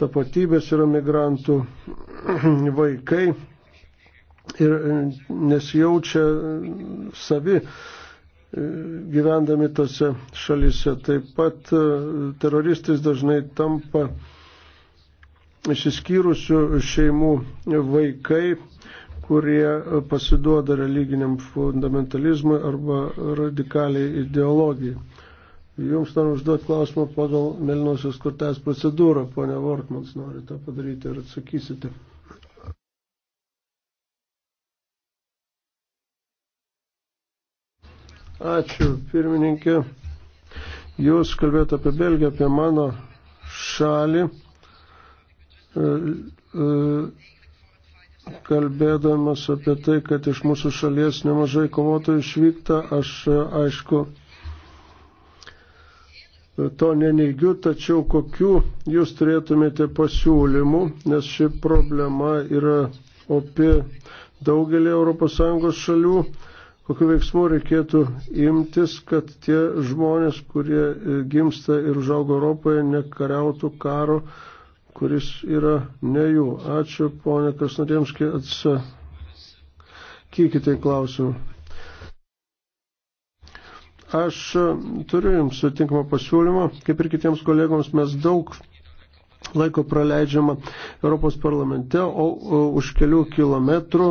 tapatybės, yra migrantų vaikai ir e, nesijaučia savi gyvendami tose šalise. Taip pat teroristais dažnai tampa išsiskyrusių šeimų vaikai, kurie e, pasiduoda religiniam fundamentalizmui arba radikaliai ideologijai. Jums noriu užduoti klausimą pagal Melinosios kortelės procedūrą. Pone Vortmans nori tą padaryti ir atsakysite. Ačiū, pirmininkė. Jūs kalbėjote apie Belgiją, apie mano šalį. E, e, kalbėdamas apie tai, kad iš mūsų šalies nemažai kovotojų išvykta, aš aišku to neneigiu, tačiau kokiu jūs turėtumėte pasiūlymų, nes ši problema yra opi daugelį ES šalių, kokiu veiksmu reikėtų imtis, kad tie žmonės, kurie gimsta ir žaugo Europoje, nekariautų karo kuris yra ne jų. Ačiū, ponė Krasnodėmskė, atsakykite į klausimą. Aš turiu Jums sutinkamą pasiūlymą, kaip ir kitiems kolegoms mes daug laiko praleidžiama Europos parlamente, o už kelių kilometrų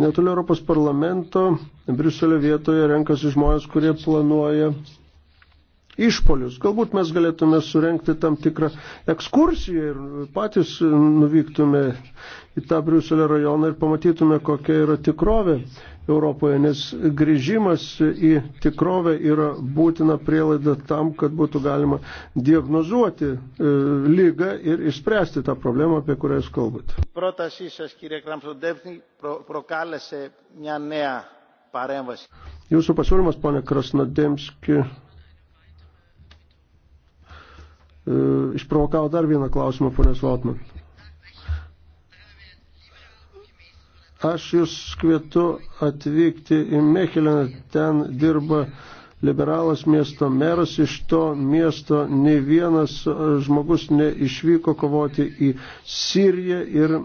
Netoli Europos parlamento Briuselio vietoje renkasi žmonės, kurie planuoja išpolius. Galbūt mes galėtume surenkti tam tikrą ekskursiją ir patys nuvyktume į tą Briuselio rajoną ir pamatytume, kokia yra tikrovė Europoje, nes grįžimas į tikrovę yra būtina prielaida tam, kad būtų galima diagnozuoti e, lygą ir išspręsti tą problemą, apie kurią jūs kalbate. Πρότασή σας, κύριε Κραμψοντεύθυν, προ, προκάλεσε μια νέα παρέμβαση. Jūsų pasiūlymas, ponė Krasnodemski, E, išprovokavo dar vieną klausimą, ponės Lotman. Aš jūs kvietu atvykti į Mecheleną, ten dirba liberalas miesto meras, iš to miesto ne vienas žmogus neišvyko kovoti į Siriją ir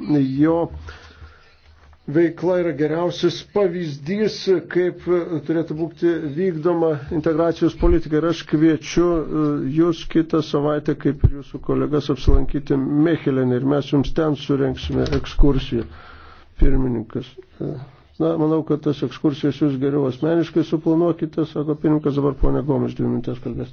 jo uh, veikla yra geriausias pavyzdys, kaip e, turėtų būti vykdoma integracijos politika. Ir aš kviečiu e, jūs kitą savaitę, kaip ir jūsų kolegas, apsilankyti Mechelenį ir mes jums ten surenksime ekskursiją. Pirmininkas. E, Na, manau, kad tas ekskursijas jūs geriau asmeniškai suplanuokite, sako pirmininkas, dabar ponė Gomes dvi minutės kalbės.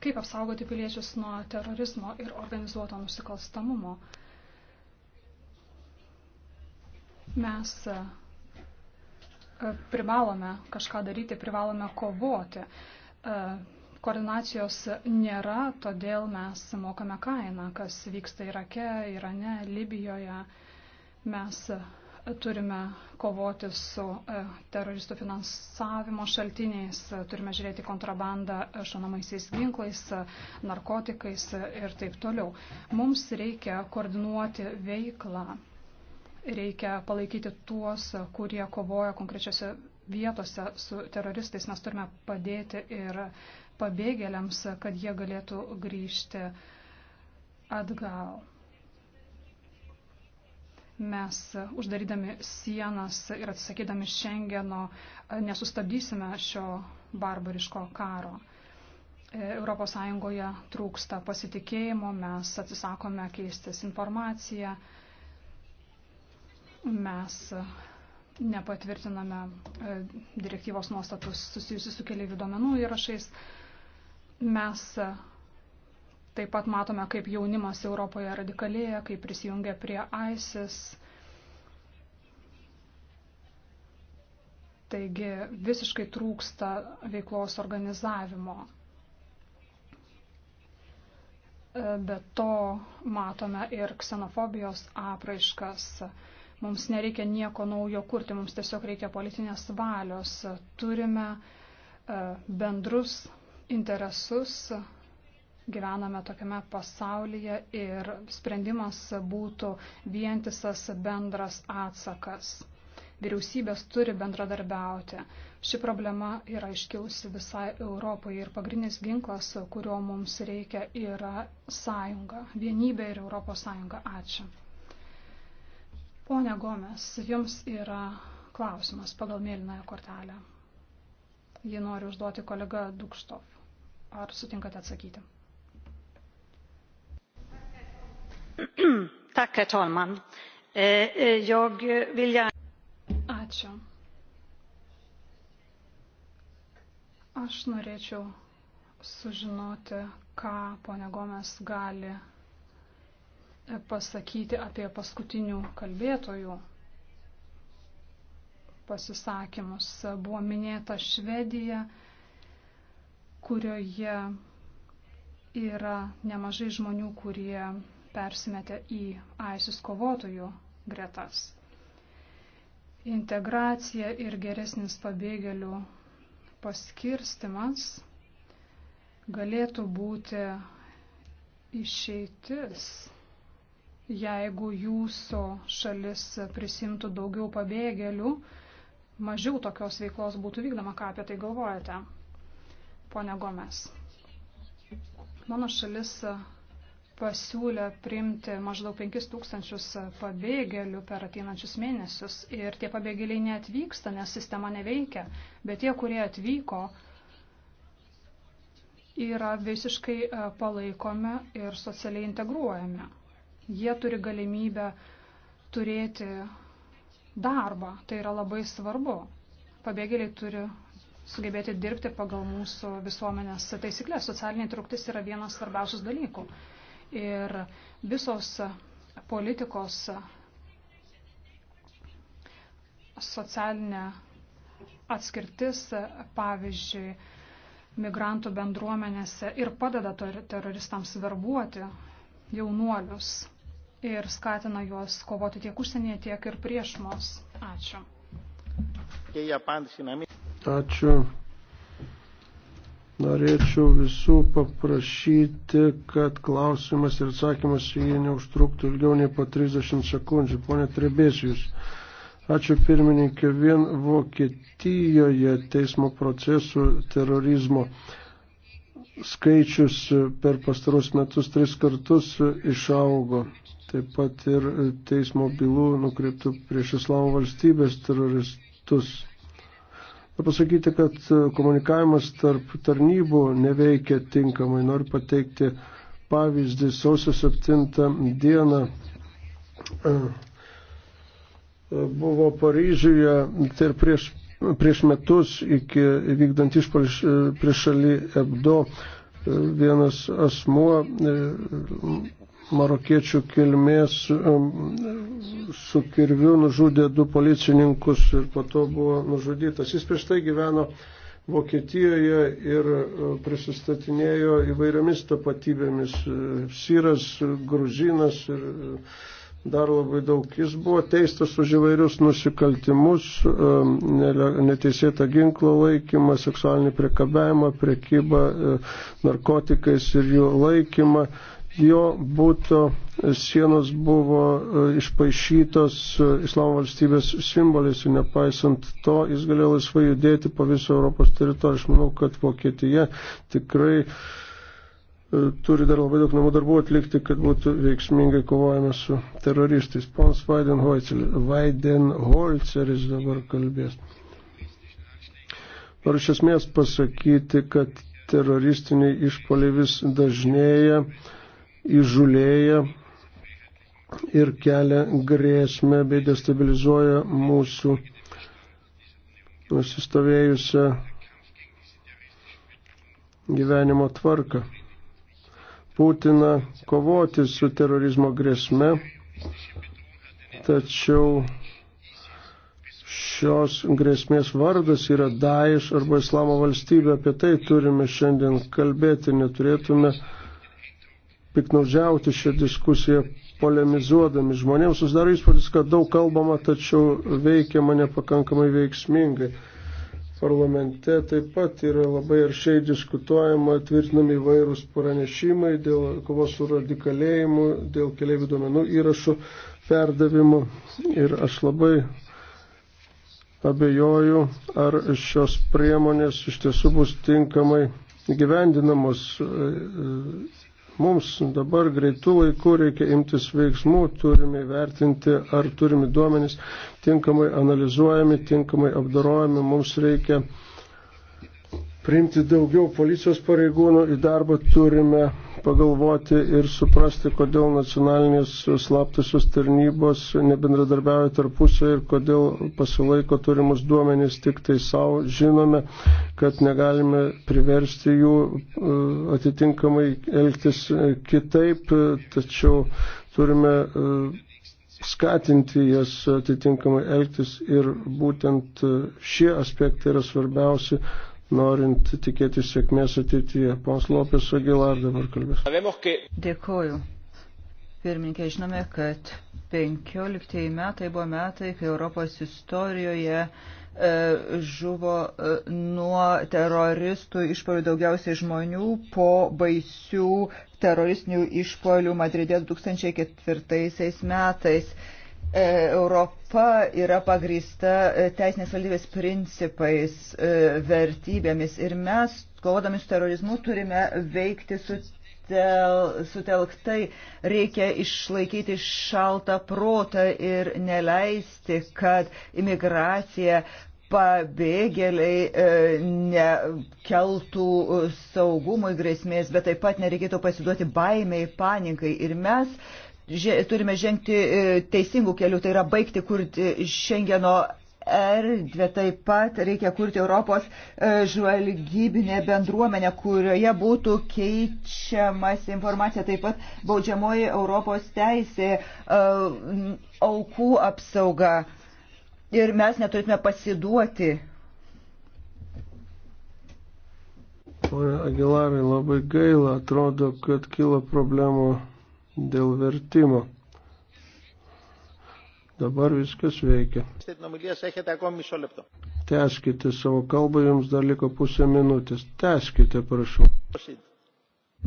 Kaip apsaugoti piliečius nuo terorizmo ir organizuoto nusikalstamumo? Mes e, e, privalome kažką daryti, privalome kovoti. E, koordinacijos nėra, todėl mes mokame kainą, kas vyksta Irake, Irane, Libijoje. Mes Turime kovoti su e, teroristų finansavimo šaltiniais, turime žiūrėti kontrabandą šanamaisiais ginklais, narkotikais ir taip toliau. Mums reikia koordinuoti veiklą, reikia palaikyti tuos, kurie kovoja konkrečiose vietose su teroristais. Mes turime padėti ir pabėgėliams, kad jie galėtų grįžti atgal mes e, uždarydami sienas ir atsisakydami Šengeno e, nesustabdysime šio barbariško karo. ES trūksta pasitikėjimo, mes atsisakome keistis informaciją, mes e, nepatvirtiname direktyvos nuostatus susijusius su keliaivių duomenų įrašais, mes Taip pat matome, kaip jaunimas Europoje radikalėja, kaip prisijungia prie ISIS. Taigi visiškai trūksta veiklos organizavimo. Be to matome ir ksenofobijos apraiškas. Mums nereikia nieko naujo kurti, mums tiesiog reikia politinės valios. Turime e, bendrus interesus gyvename tokiame pasaulyje ir sprendimas būtų vientisas bendras atsakas. Vyriausybės turi bendradarbiauti. Ši problema yra iškiausi visai Europai ir pagrindinis ginklas, kurio mums reikia, yra sąjunga, vienybė ir Europos sąjunga. Ačiū. Pone Gomes, jums yra klausimas pagal mėlynąją kortelę. Jį noriu užduoti kolega Dukštov. Ar sutinkate atsakyti? herr talman! Eh, eh, jag eh, vill gärna. Ačiū. Aš norėčiau sužinoti, ką ponia Gomes gali e, pasakyti apie paskutinių kalbėtojų pasisakymus. Buvo minėta Švedija, kurioje yra nemažai žmonių, kurie persimetė į aisis kovotojų gretas. Integracija ir geresnis pabėgėlių paskirstimas galėtų būti išeitis, jeigu jūsų šalis prisimtų daugiau pabėgėlių, mažiau tokios veiklos būtų vykdoma, ką apie tai galvojate, ponė Gomes. Mano šalis pasiūlė priimti maždaug 5000 pabėgėlių per ateinančius mėnesius ir tie pabėgėliai neatvyksta, nes sistema neveikia, bet tie, kurie atvyko, yra visiškai e, palaikomi ir socialiai integruojami. Jie turi galimybę turėti darbą, tai yra labai svarbu. Pabėgėliai turi sugebėti dirbti pagal mūsų visuomenės taisyklės. Socialinė truktis yra vienas svarbiausius dalykų ir visos politikos socialinė atskirtis, pavyzdžiui, migrantų bendruomenėse ir padeda teroristams verbuoti jaunuolius ir skatina juos kovoti tiek užsienyje, tiek ir prieš mus. Ačiū. Ačiū. Norėčiau visų paprašyti, kad klausimas ir atsakymas į jį neužtruktų ilgiau nei po 30 sekundžių. Pone Trebėsijus, ačiū pirmininkė, vien Vokietijoje teismo procesų terorizmo skaičius per pastarus metus tris kartus išaugo. Taip pat ir teismo bylų nukreiptų prieš Islamo valstybės teroristus Noriu pasakyti, kad e, komunikavimas tarp tarnybų neveikia tinkamai. Noriu pateikti pavyzdį sausio 7 dieną. E, e, buvo Paryžiuje tai ir prieš, prieš metus iki vykdant išpalį prieš šalį Ebdo vienas asmuo marokiečių kilmės su kirviu nužudė du policininkus ir po to buvo nužudytas. Jis prieš tai gyveno Vokietijoje ir e, prisistatinėjo įvairiomis tapatybėmis. E, Syras, gruzinas ir e, dar labai daug. Jis buvo teistas už įvairius nusikaltimus, neteisėtą ginklo laikymą, seksualinį priekabėjimą, priekybą narkotikais ir jų laikymą jo būto sienos buvo e, išpašytos e, Islamo valstybės simboliais ir nepaisant to jis galėjo laisvai judėti po visą Europos teritoriją. Aš manau, kad Vokietija tikrai e, turi dar labai daug namų darbų atlikti, kad būtų veiksmingai kovojama su teroristais. Pons Weidenholzeris dabar kalbės. Noriu iš esmės pasakyti, kad teroristiniai išpoliai vis dažnėja įžulėja ir kelia grėsmę bei destabilizuoja mūsų nusistovėjusią gyvenimo tvarką. Būtina kovoti su terorizmo grėsme, tačiau šios grėsmės vardas yra Daesh arba Islamo valstybė. Apie tai turime šiandien kalbėti, neturėtume piknaudžiauti šią diskusiją polemizuodami. Žmonėms susidaro įspūdis, kad daug kalbama, tačiau veikiama nepakankamai veiksmingai. Parlamente taip pat yra labai aršiai diskutuojama, tvirtinami įvairūs pranešimai dėl kovos su radikalėjimu, dėl keliaivių duomenų įrašų perdavimo. Ir aš labai abejoju, ar šios priemonės iš tiesų bus tinkamai gyvendinamos Mums dabar greitų laikų reikia imtis veiksmų, turime vertinti, ar turime duomenys tinkamai analizuojami, tinkamai apdarojami. Mums reikia priimti daugiau policijos pareigūnų į darbą, turime pagalvoti ir suprasti, kodėl nacionalinės slaptusios tarnybos nebendradarbiauja tarpusio ir kodėl pasilaiko turimus duomenys tik tai savo. Žinome, kad negalime priversti jų e, atitinkamai elgtis e, kitaip, e, tačiau turime skatinti jas atitinkamai elgtis ir būtent šie aspektai yra svarbiausi norint tikėtis sėkmės ateityje. Pons Lopės Agilar dabar kalbės. Dėkoju. Pirmininkė, žinome, kad 15 metai buvo metai, kai Europos istorijoje e, žuvo e, nuo teroristų išpolių daugiausiai žmonių po baisių teroristinių išpolių Madride 2004 metais. E, Europa yra pagrįsta e, teisinės valdybės principais, e, vertybėmis ir mes, kovodami su terorizmu, turime veikti su tel, sutelktai reikia išlaikyti šaltą protą ir neleisti, kad imigracija pabėgėliai e, nekeltų saugumui grėsmės, bet taip pat nereikėtų pasiduoti baimiai, panikai. Ir mes turime žengti e, teisingų kelių, tai yra baigti kurti Šengeno erdvę, taip pat reikia kurti Europos e, žvalgybinę bendruomenę, kurioje būtų keičiamas informacija, taip pat baudžiamoji Europos teisė, e, aukų apsauga. Ir mes neturėtume pasiduoti Pone Agilarai, labai gaila, atrodo, kad kilo problemų dėl vertimo. Dabar viskas veikia. Teskite savo kalbą, jums dar liko pusę minutės. Teskite, prašau.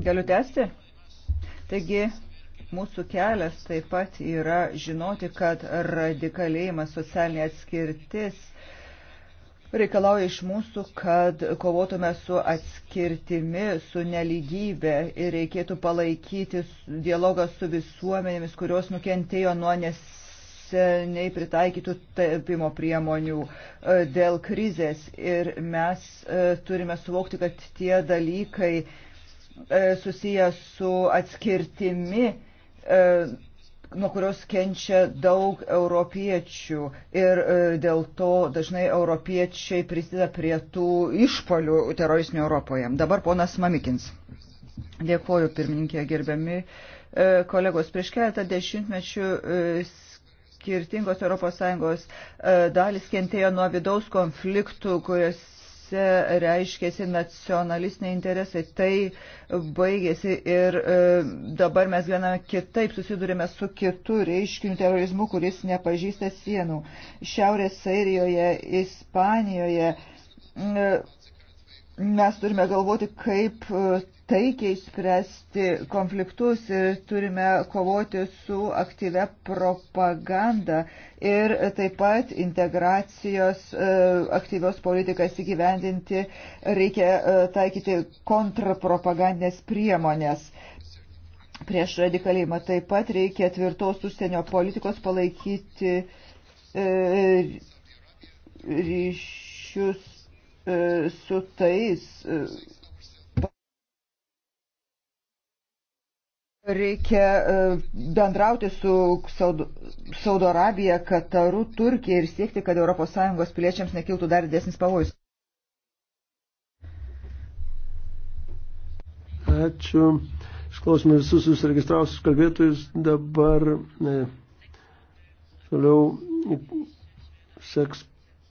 Galiu tęsti? Taigi, mūsų kelias taip pat yra žinoti, kad radikalėjimas, socialinė atskirtis, reikalauja iš mūsų, kad kovotume su atskirtimi, su neligybė ir reikėtų palaikyti dialogą su visuomenėmis, kurios nukentėjo nuo neseniai pritaikytų tapimo priemonių e, dėl krizės. Ir mes e, turime suvokti, kad tie dalykai e, susiję su atskirtimi nuo kurios kenčia daug europiečių ir e, dėl to dažnai europiečiai prisideda prie tų išpolių teroristinių Europoje. Dabar ponas Mamikins. Dėkuoju, pirmininkė, gerbiami e, kolegos. Prieš keletą dešimtmečių e, skirtingos ES dalis kentėjo nuo vidaus konfliktų, kurias kuriuose reiškėsi nacionalistiniai interesai. Tai baigėsi ir e, dabar mes gyvename kitaip, susidurime su kitu reiškiniu terorizmu, kuris nepažįsta sienų. Šiaurės Airijoje, Ispanijoje. E, mes turime galvoti, kaip e, taikiai spręsti konfliktus ir turime kovoti su aktyve propaganda ir taip pat integracijos e, aktyvios politikas įgyvendinti reikia e, taikyti kontrapropagandinės priemonės. Prieš radikalėjimą taip pat reikia tvirtos užsienio politikos palaikyti ryšius E, su tais. E, reikia e, bendrauti su Saudo Arabija, Kataru, Turkija ir siekti, kad ES piliečiams nekiltų dar didesnis pavojus. Ačiū. Išklausime visus susiregistravusius kalbėtojus. Dabar ne, toliau seks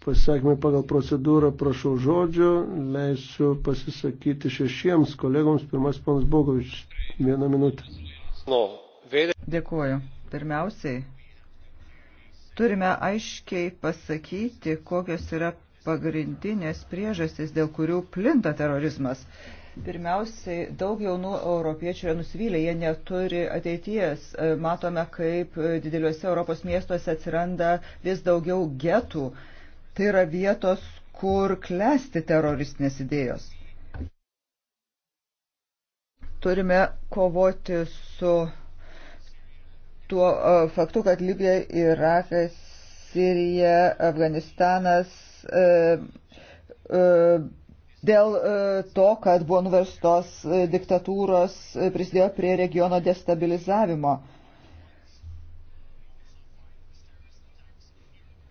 pasisakymai pagal procedūrą, prašau žodžio, leisiu pasisakyti šešiems kolegoms, pirmas panas Bogovič, vieną minutę. Dėkuoju. Pirmiausiai, turime aiškiai pasakyti, kokios yra pagrindinės priežastys, dėl kurių plinta terorizmas. Pirmiausiai, daug jaunų europiečių yra nusivylę, jie neturi ateities. Matome, kaip dideliuose Europos miestuose atsiranda vis daugiau getų. Tai yra vietos, kur klesti teroristinės idėjos. Turime kovoti su tuo e, faktu, kad Libija, Irakas, Sirija, Afganistanas e, e, dėl to, kad buvo nuverstos diktatūros, prisidėjo prie regiono destabilizavimo.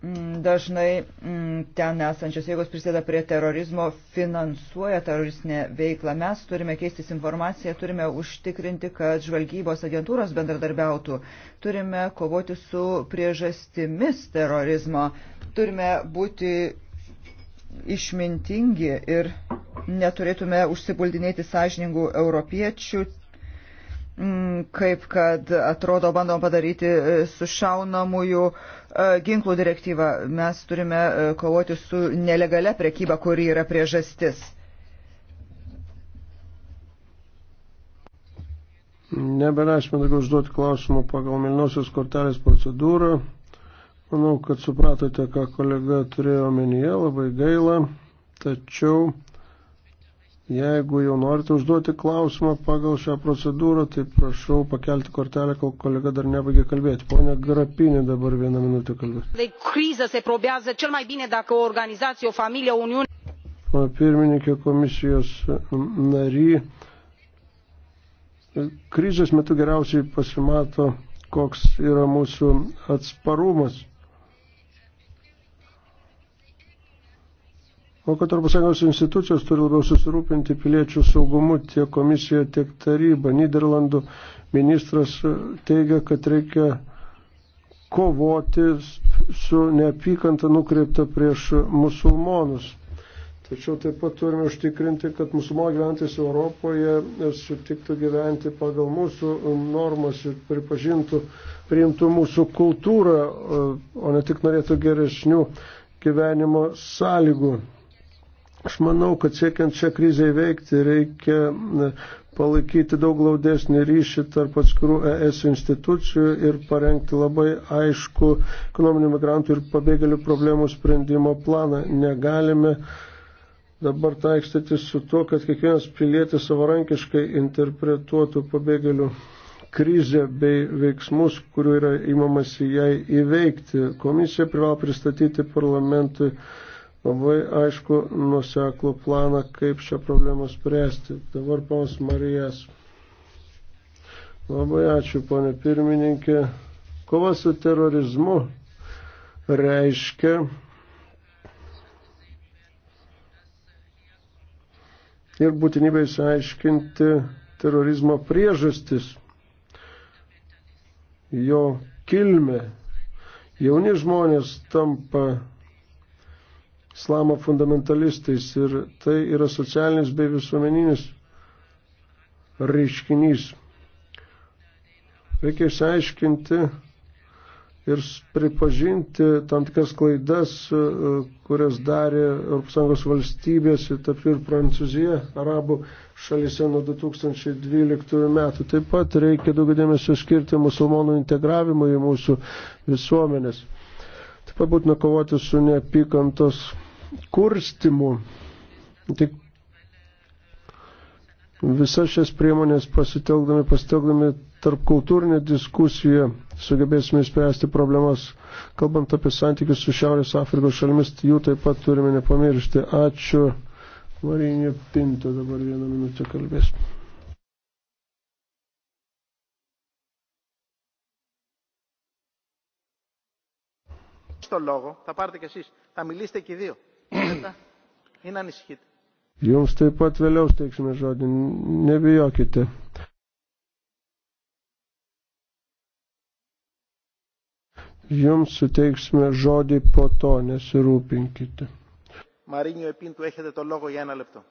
Mm, dažnai mm, ten esančios jėgos prisideda prie terorizmo, finansuoja teroristinę veiklą. Mes turime keistis informaciją, turime užtikrinti, kad žvalgybos agentūros bendradarbiautų, turime kovoti su priežastimis terorizmo, turime būti išmintingi ir neturėtume užsipuldinėti sąžiningų europiečių, Mm, kaip kad atrodo bandom padaryti e, su šaunamųjų e, ginklų direktyva. Mes turime e, kovoti su nelegale prekyba, kuri yra priežastis. Nebeleisime daugiau užduoti klausimų pagal Milnosios kortelės procedūrą. Manau, kad supratote, ką kolega turėjo omenyje, labai gaila, tačiau Jeigu jau norite užduoti klausimą pagal šią procedūrą, tai prašau pakelti kortelę, kol kolega dar nebaigė kalbėti. Pone Grapinė dabar vieną minutę kalbės. Pana pirmininkė komisijos nary, krizės metu geriausiai pasimato, koks yra mūsų atsparumas O kad Europos Sąjungos institucijos turi labiau susirūpinti piliečių saugumu tiek komisija, tiek taryba. Niderlandų ministras e, teigia, kad reikia kovoti su neapykanta nukreipta prieš musulmonus. Tačiau taip pat turime užtikrinti, kad musulmonų gyventis Europoje e, sutiktų gyventi pagal mūsų normas ir pripažintų, priimtų mūsų kultūrą, e, o ne tik norėtų geresnių gyvenimo sąlygų. Aš manau, kad siekiant šią krizę įveikti reikia palaikyti daug glaudesnį ryšį tarp atskirų ES institucijų ir parengti labai aišku ekonominių migrantų ir pabėgėlių problemų sprendimo planą. Negalime dabar taikstytis su tuo, kad kiekvienas pilietis savarankiškai interpretuotų pabėgėlių krizę bei veiksmus, kurių yra įmamasi jai įveikti. Komisija privalo pristatyti parlamentui labai aišku nuseklų planą, kaip šią problemą spręsti. Dabar panas Marijas. Labai ačiū, ponė pirmininkė. Kova su terorizmu reiškia ir būtinybę įsiaiškinti terorizmo priežastis, jo kilmę. Jauni žmonės tampa islamo fundamentalistais ir tai yra socialinis bei visuomeninis reiškinys. Reikia išsiaiškinti ir pripažinti tam tikras klaidas, e, kurias darė ES valstybės, tarp ir Prancūzija, arabų šalyse nuo 2012 metų. Taip pat reikia daug dėmesio skirti musulmonų integravimui į mūsų visuomenės. Taip pat būtina kovoti su neapykantos kurstimu. Tik visas šias priemonės pasitelkdami, pasitelkdami tarp kultūrinę diskusiją sugebėsime išspręsti problemas. Kalbant apie santykius su Šiaurės Afrikos šalimis, jų taip pat turime nepamiršti. Ačiū. Marinė Pinto dabar vieną minutę kalbės. στο λόγο, θα πάρετε κι εσείς, θα μιλήσετε και οι δύο. Μην ανησυχείτε. Jums taip pat vėliau steiksime žodį, nebijokite. Jums suteiksime žodį po to, nesirūpinkite. Marinio Pinto, έχετε το λόγο για ένα λεπτό.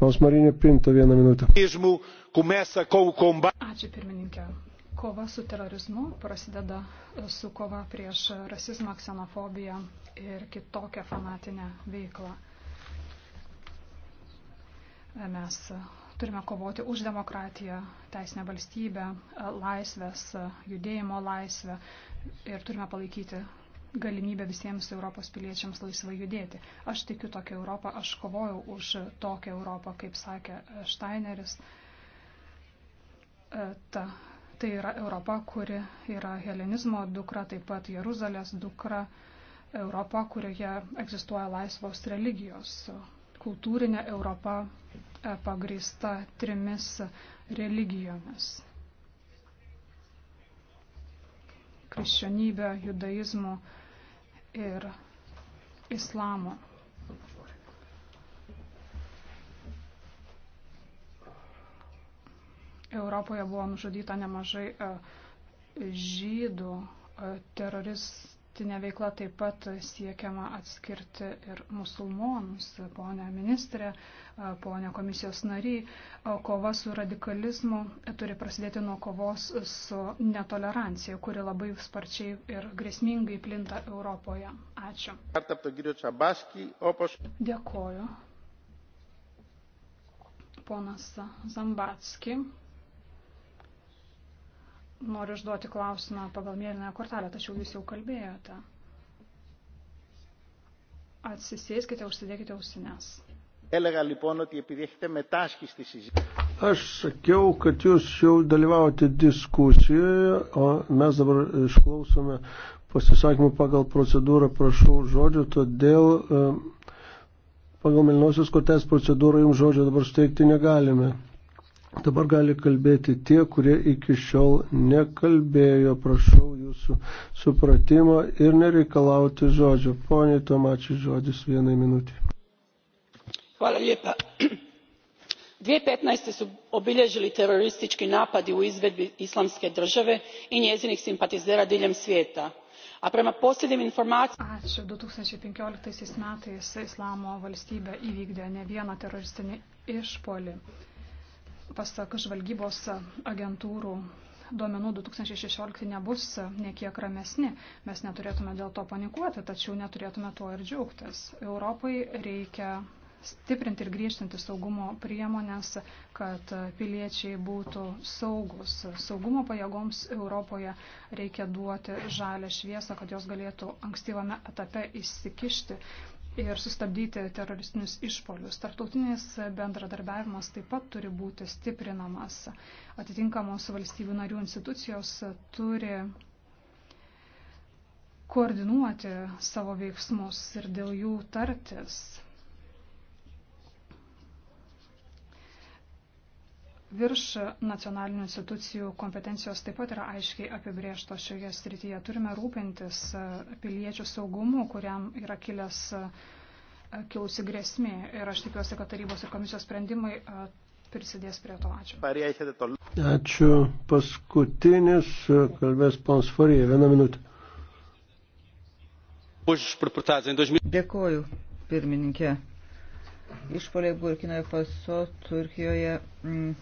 Paus Marinio Pinto, vieną minutę. Ačiū pirmininkė. Kova su terorizmu prasideda e, su kova prieš rasizmą, ksenofobiją ir kitokią fanatinę veiklą. E, mes turime kovoti už demokratiją, teisinę valstybę, e, laisvės, judėjimo laisvę ir turime palaikyti galimybę visiems Europos piliečiams laisvai judėti. Aš tikiu tokią Europą, aš kovojau už tokią Europą, kaip sakė Steineris. Ta Tai yra Europa, kuri yra helenizmo dukra, taip pat Jeruzalės dukra, Europa, kurioje egzistuoja laisvos religijos, kultūrinė Europa e, pagrįsta trimis religijomis. Krikščionybė, judaizmo ir islamo. Europoje buvo nužudyta nemažai e, žydų, e, teroristinė veikla taip pat siekiama atskirti ir musulmonus, ponė ministrė, e, ponė komisijos nariai. Kova su radikalizmu turi prasidėti nuo kovos su netolerancija, kuri labai sparčiai ir grėsmingai plinta Europoje. Ačiū. Dėkoju. Ponas Zambatski. Noriu užduoti klausimą pagal mėlyną kortelę, tačiau jūs jau kalbėjote. Atsisėskite, užsidėkite ausines. Έλεγα λοιπόν ότι επειδή έχετε μετάσχει στη συζήτηση. Aš sakiau, kad jūs jau dalyvaujate diskusijoje, o mes dabar išklausome pasisakymų pagal procedūrą, prašau žodžio, todėl e, pagal Melinosios kortės procedūrą jums žodžio dabar steigti negalime. Dabar gali kalbėti tie, kurie iki šiol nekalbėjo, prašau jūsų supratimo ir nereikalauti žodžio. Pone Tomačiai, žodis vienai minutį. Hvala lijepa. 2015. su obilježili teroristički napadi u izvedbi islamske države i njezinih simpatizera diljem svijeta. A prema posljednjim informacijama... Ačiū. 2015 metais Islamo valstybė įvykdė ne vieną teroristinį išpolį pasak žvalgybos agentūrų duomenų 2016 nebus nekiek ramesni. Mes neturėtume dėl to panikuoti, tačiau neturėtume tuo ir džiaugtis. Europai reikia stiprinti ir griežtinti saugumo priemonės, kad piliečiai būtų saugus. Saugumo pajėgoms Europoje reikia duoti žalę šviesą, kad jos galėtų ankstyvame etape įsikišti ir sustabdyti teroristinius išpolius. Tartautinis bendradarbiavimas taip pat turi būti stiprinamas. Atitinkamos valstybių narių institucijos turi koordinuoti savo veiksmus ir dėl jų tartis. virš nacionalinių institucijų kompetencijos taip pat yra aiškiai apibriešto šioje srityje. Turime rūpintis e, piliečių saugumu, kuriam yra kilęs e, kilusi grėsmė. Ir aš tikiuosi, kad tarybos ir komisijos sprendimai e, prisidės prie to. Ačiū. Ačiū. Paskutinis kalbės pons Farija. Vieną minutę. Dėkoju, pirmininkė. Išpoliai Burkinoje Faso, Turkijoje. Mm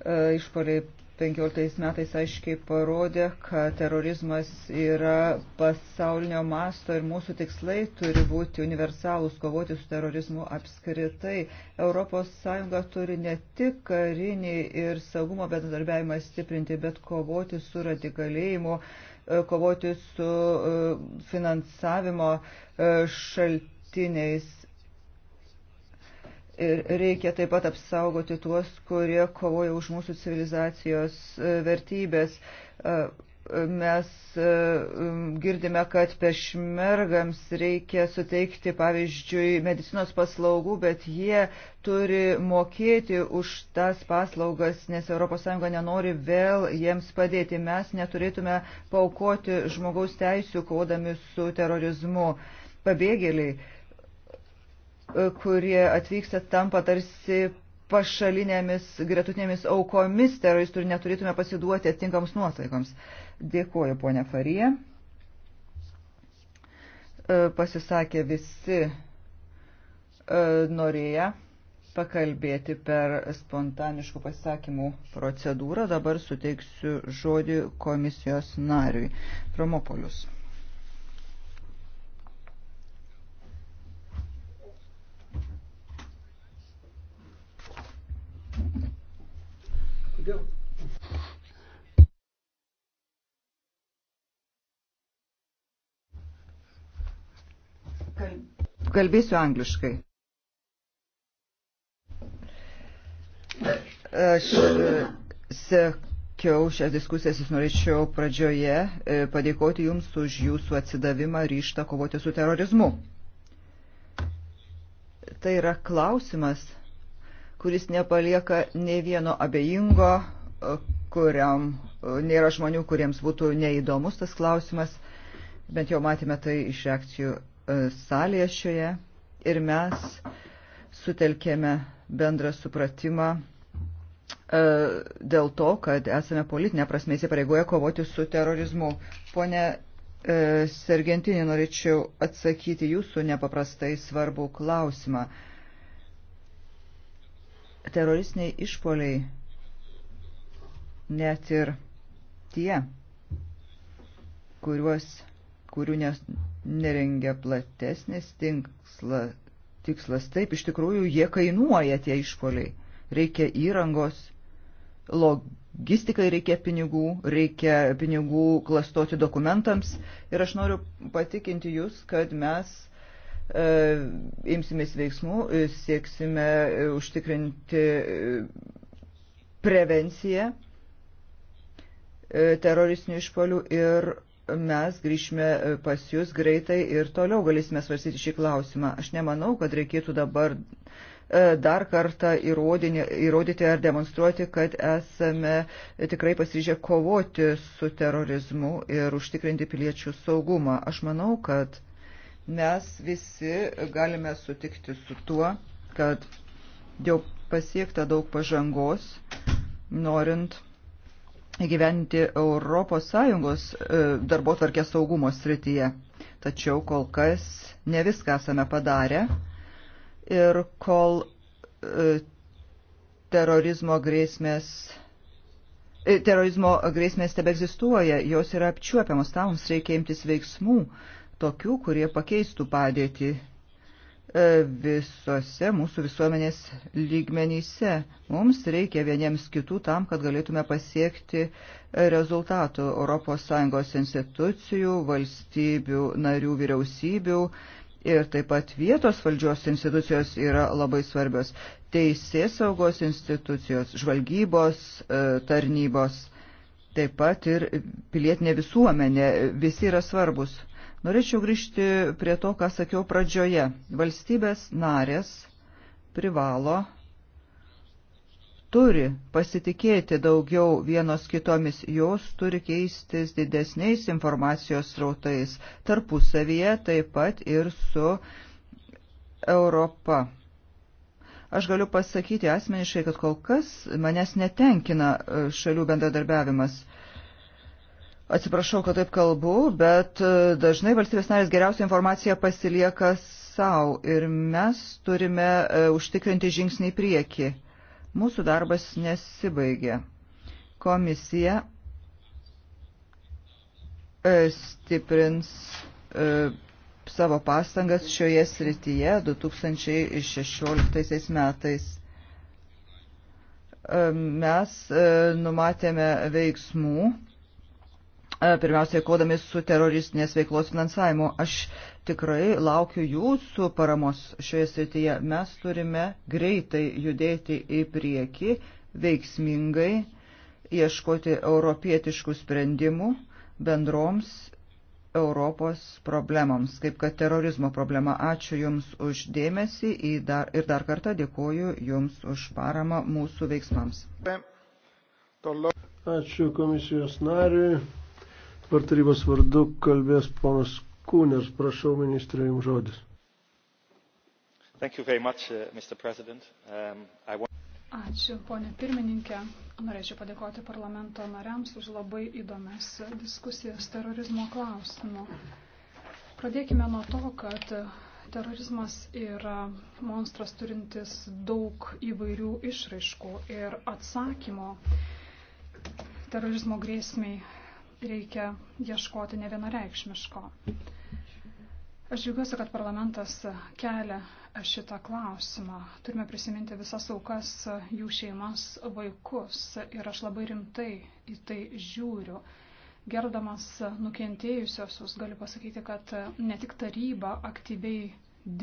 E, išpoliai 15 metais aiškiai parodė, kad terorizmas yra pasaulinio masto ir mūsų tikslai turi būti universalūs kovoti su terorizmu apskritai. ES turi ne tik karinį ir saugumo bendradarbiavimą stiprinti, bet kovoti su radikalėjimu, e, kovoti su e, finansavimo šaltiniais Ir reikia taip pat apsaugoti tuos, kurie kovoja už mūsų civilizacijos e, vertybės. E, mes e, girdime, kad pešmergams reikia suteikti, pavyzdžiui, medicinos paslaugų, bet jie turi mokėti už tas paslaugas, nes ES nenori vėl jiems padėti. Mes neturėtume paukoti žmogaus teisų, kovodami su terorizmu. Pabėgėliai E, kurie atvyksta tampa tarsi pašalinėmis gretutinėmis aukomis teroristų ir neturėtume pasiduoti atinkams nuotaikoms. Dėkuoju, ponia Farija. E, pasisakė visi e, norėję pakalbėti per spontaniškų pasisakymų procedūrą. Dabar suteiksiu žodį komisijos nariui. Promopolius. Kalbėsiu angliškai. Aš e, sekiau šias diskusijas ir norėčiau pradžioje e, padėkoti Jums už Jūsų atsidavimą ryštą kovoti su terorizmu. Tai yra klausimas, kuris nepalieka ne vieno abejingo, e, kuriam nėra žmonių, kuriems būtų neįdomus tas klausimas. Bent jau matėme tai iš reakcijų E, salėje šioje ir mes sutelkėme bendrą supratimą e, dėl to, kad esame politinė prasme įsipareigoję kovoti su terorizmu. Pone e, Sergentinė, norėčiau atsakyti jūsų nepaprastai svarbų klausimą. Teroristiniai išpoliai net ir tie, kuriuos, kurių nes, nerengia platesnis tinksla, tikslas. Taip, iš tikrųjų, jie kainuoja tie išpoliai. Reikia įrangos, logistikai reikia pinigų, reikia pinigų klastoti dokumentams. Ir aš noriu patikinti Jūs, kad mes e, imsimės veiksmų, e, sieksime e, užtikrinti e, prevenciją teroristinių išpolių ir mes grįžime pas jūs greitai ir toliau galėsime svarstyti šį klausimą. Aš nemanau, kad reikėtų dabar e, dar kartą įrodinį, įrodyti ar demonstruoti, kad esame tikrai pasiryžę kovoti su terorizmu ir užtikrinti piliečių saugumą. Aš manau, kad mes visi galime sutikti su tuo, kad jau pasiekta daug pažangos, norint įgyventi ES e, darbo tvarkės saugumo srityje. Tačiau kol kas ne viską esame padarę ir kol e, terorizmo grėsmės. E, terorizmo grėsmės tebe egzistuoja, jos yra apčiuopiamos, tam mums reikia imtis veiksmų, tokių, kurie pakeistų padėtį E, visose mūsų visuomenės lygmenyse. Mums reikia vieniems kitų tam, kad galėtume pasiekti rezultatų ES institucijų, valstybių, narių vyriausybių ir taip pat vietos valdžios institucijos yra labai svarbios. Teisės saugos institucijos, žvalgybos e, tarnybos, taip pat ir pilietinė visuomenė, visi yra svarbus. Norėčiau grįžti prie to, ką sakiau pradžioje. Valstybės narės privalo turi pasitikėti daugiau vienos kitomis, jos turi keistis didesniais informacijos srautais tarpusavyje, taip pat ir su Europa. Aš galiu pasakyti asmeniškai, kad kol kas manęs netenkina e, šalių bendradarbiavimas. Atsiprašau, kad taip kalbu, bet e, dažnai valstybės narės geriausią informaciją pasilieka savo ir mes turime e, užtikrinti žingsnį į priekį. Mūsų darbas nesibaigė. Komisija e, stiprins savo pastangas šioje srityje 2016 metais. Mes numatėme veiksmų pirmiausiai kodami su teroristinės veiklos finansavimu. Aš tikrai laukiu jūsų paramos šioje srityje. Mes turime greitai judėti į priekį, veiksmingai, ieškoti europietiškų sprendimų bendroms Europos problemoms, kaip kad terorizmo problema. Ačiū Jums už dėmesį dar, ir dar kartą dėkoju Jums už paramą mūsų veiksmams. Ačiū komisijos nariui. Dabar tarybos vardu kalbės ponas Kūnės. Prašau, ministrė, jums žodis. Much, uh, um, want... Ačiū, ponė pirmininkė. Norėčiau padėkoti parlamento nariams už labai įdomias diskusijas terorizmo klausimu. Pradėkime nuo to, kad terorizmas yra monstras turintis daug įvairių išraiškų ir atsakymo terorizmo grėsmiai reikia ieškoti ne vienareikšmiško. Aš džiaugiuosi, kad parlamentas kelia šitą klausimą. Turime prisiminti visas aukas, jų šeimas, vaikus ir aš labai rimtai į tai žiūriu. Gerdamas nukentėjusiosius galiu pasakyti, kad ne tik taryba aktyviai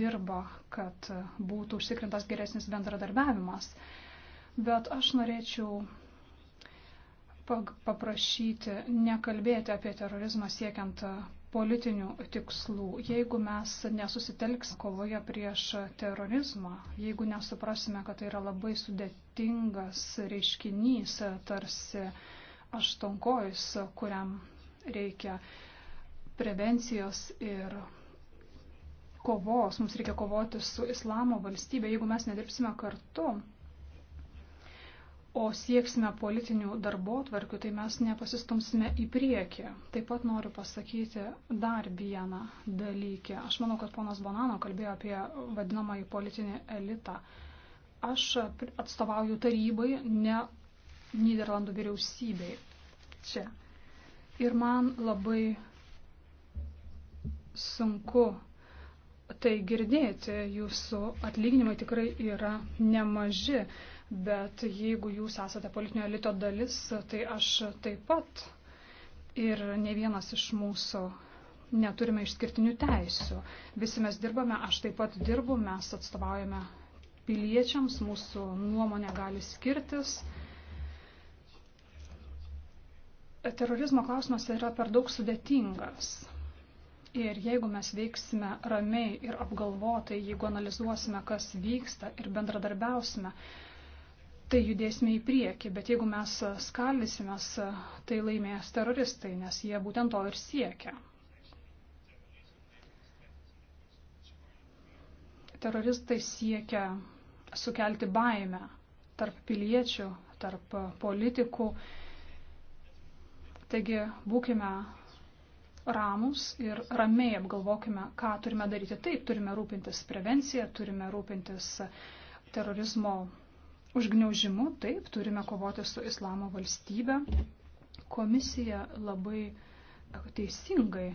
dirba, kad būtų užsikrintas geresnis bendradarbiavimas, bet aš norėčiau paprašyti nekalbėti apie terorizmą siekiant e, politinių tikslų. Jeigu mes nesusitelksime kovoje prieš terorizmą, jeigu nesuprasime, kad tai yra labai sudėtingas reiškinys, e, tarsi aštonkojus, e, kuriam reikia prevencijos ir kovos, mums reikia kovoti su islamo valstybė, jeigu mes nedirbsime kartu, o sieksime politinių darbo tvarkių, tai mes nepasistumsime į priekį. Taip pat noriu pasakyti dar vieną dalykę. Aš manau, kad ponas Bonano kalbėjo apie vadinamąjį politinį elitą. Aš atstovauju tarybai, ne Niderlandų vyriausybei čia. Ir man labai sunku tai girdėti, jūsų atlyginimai tikrai yra nemaži bet jeigu jūs esate politinio elito dalis, tai aš taip pat ir ne vienas iš mūsų neturime išskirtinių teisių. Visi mes dirbame, aš taip pat dirbu, mes atstovaujame piliečiams, mūsų nuomonė gali skirtis. Terorizmo klausimas yra per daug sudėtingas. Ir jeigu mes veiksime ramiai ir apgalvotai, jeigu analizuosime, kas vyksta ir bendradarbiausime, tai judėsime į priekį, bet jeigu mes skaldysimės, tai laimės teroristai, nes jie būtent to ir siekia. Teroristai siekia sukelti baimę tarp piliečių, tarp politikų. Taigi būkime ramus ir ramiai apgalvokime, ką turime daryti. Taip, turime rūpintis prevenciją, turime rūpintis terorizmo užgneužimu, taip, turime kovoti su islamo valstybe. Komisija labai e, teisingai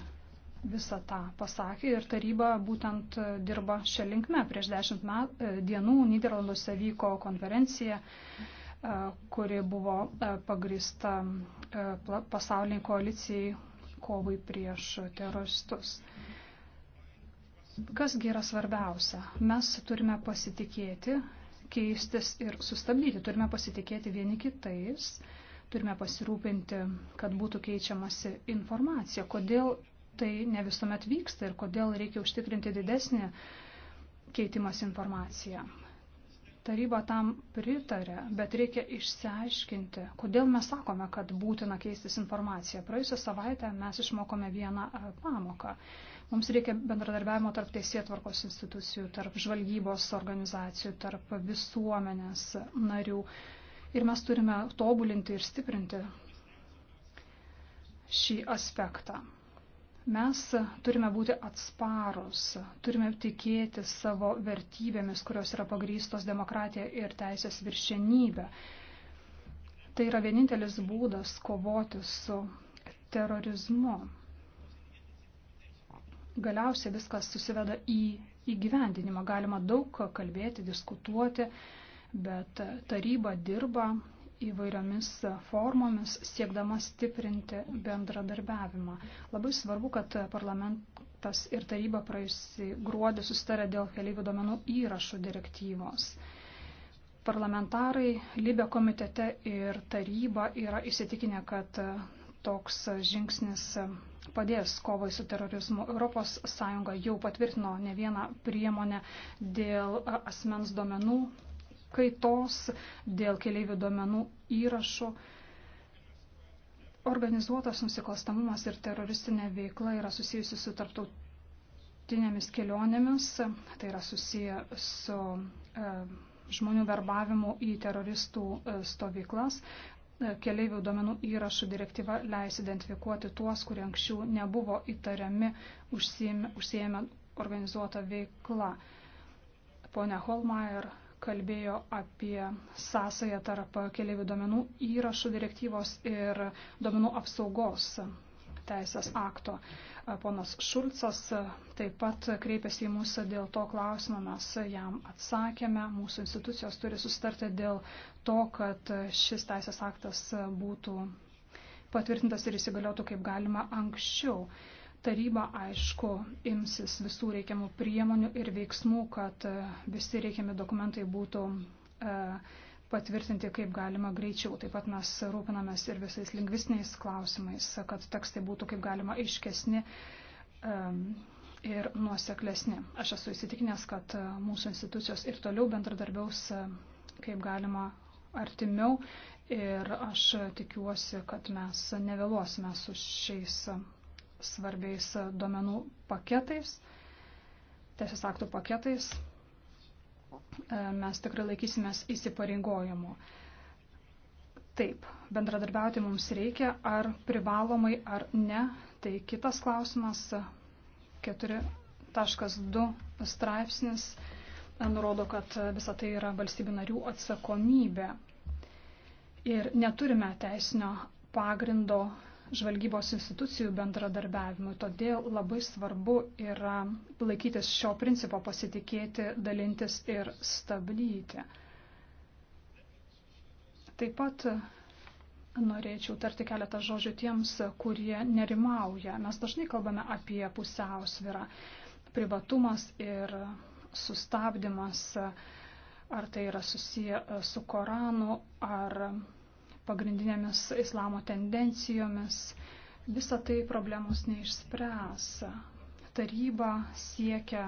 visą tą pasakė ir taryba būtent dirba šią linkmę. Prieš dešimt met, e, dienų Niderlanduose vyko konferencija, e, kuri buvo pagrista pasauliniai koalicijai kovai prieš teroristus. Kasgi yra svarbiausia? Mes turime pasitikėti keistis ir sustabdyti. Turime pasitikėti vieni kitais, turime pasirūpinti, kad būtų keičiamasi informacija, kodėl tai ne visuomet vyksta ir kodėl reikia užtikrinti didesnį keitimas informaciją. Taryba tam pritarė, bet reikia išsiaiškinti, kodėl mes sakome, kad būtina keistis informacija. Praėjusią savaitę mes išmokome vieną pamoką. Uh, Mums reikia bendradarbiavimo tarp teisėtvarkos institucijų, tarp žvalgybos organizacijų, tarp visuomenės narių. Ir mes turime tobulinti ir stiprinti šį aspektą. Mes turime būti atsparus, turime tikėti savo vertybėmis, kurios yra pagrystos demokratija ir teisės viršenybė. Tai yra vienintelis būdas kovoti su terorizmu galiausiai viskas susiveda į įgyvendinimą. Galima daug kalbėti, diskutuoti, bet taryba dirba įvairiomis formomis, siekdama stiprinti bendradarbiavimą. Labai svarbu, kad parlamentas ir taryba praėjusį gruodį sustarė dėl keliaivių domenų įrašų direktyvos. Parlamentarai Libė komitete ir taryba yra įsitikinę, kad toks žingsnis padės kovai su terorizmu. ES jau patvirtino ne vieną priemonę dėl asmens duomenų kaitos, dėl keliaivių duomenų įrašų. Organizuotas nusikalstamumas ir teroristinė veikla yra susijusi su tarptautinėmis kelionėmis, tai yra susiję su e, žmonių verbavimu į teroristų e, stovyklas keliaivių duomenų įrašų direktyva leis identifikuoti tuos, kurie anksčiau nebuvo įtariami užsiėmę organizuotą veiklą. Pone Holmeier kalbėjo apie sąsąją tarp keliaivių duomenų įrašų direktyvos ir duomenų apsaugos teisės akto. Ponas Šulcas taip pat kreipėsi į mus dėl to klausimo, mes jam atsakėme, mūsų institucijos turi sustarti dėl to, kad šis teisės aktas būtų patvirtintas ir įsigaliotų kaip galima anksčiau. Taryba, aišku, imsis visų reikiamų priemonių ir veiksmų, kad visi reikiami dokumentai būtų e, patvirtinti kaip galima greičiau. Taip pat mes rūpinamės ir visais lingvistiniais klausimais, kad tekstai būtų kaip galima aiškesni ir nuoseklesni. Aš esu įsitikinęs, kad e, mūsų institucijos ir toliau bendradarbiaus e, kaip galima artimiau ir aš tikiuosi, kad mes nevėluosime su šiais e, svarbiais duomenų paketais, teisės aktų paketais. E, mes tikrai laikysimės įsipareigojimų. Taip, bendradarbiauti mums reikia, ar privalomai, ar ne. Tai kitas klausimas, 4.2 straipsnis e, nurodo, kad visa tai yra valstybių narių atsakomybė. Ir neturime teisinio pagrindo žvalgybos institucijų bendradarbiavimui. Todėl labai svarbu yra laikytis šio principo pasitikėti, dalintis ir stabdyti. Taip pat norėčiau tarti keletą žodžių tiems, kurie nerimauja. Mes dažnai kalbame apie pusiausvirą. Privatumas ir sustabdymas, ar tai yra susiję su Koranu, ar pagrindinėmis islamo tendencijomis. Visa tai problemos neišspręs. Taryba siekia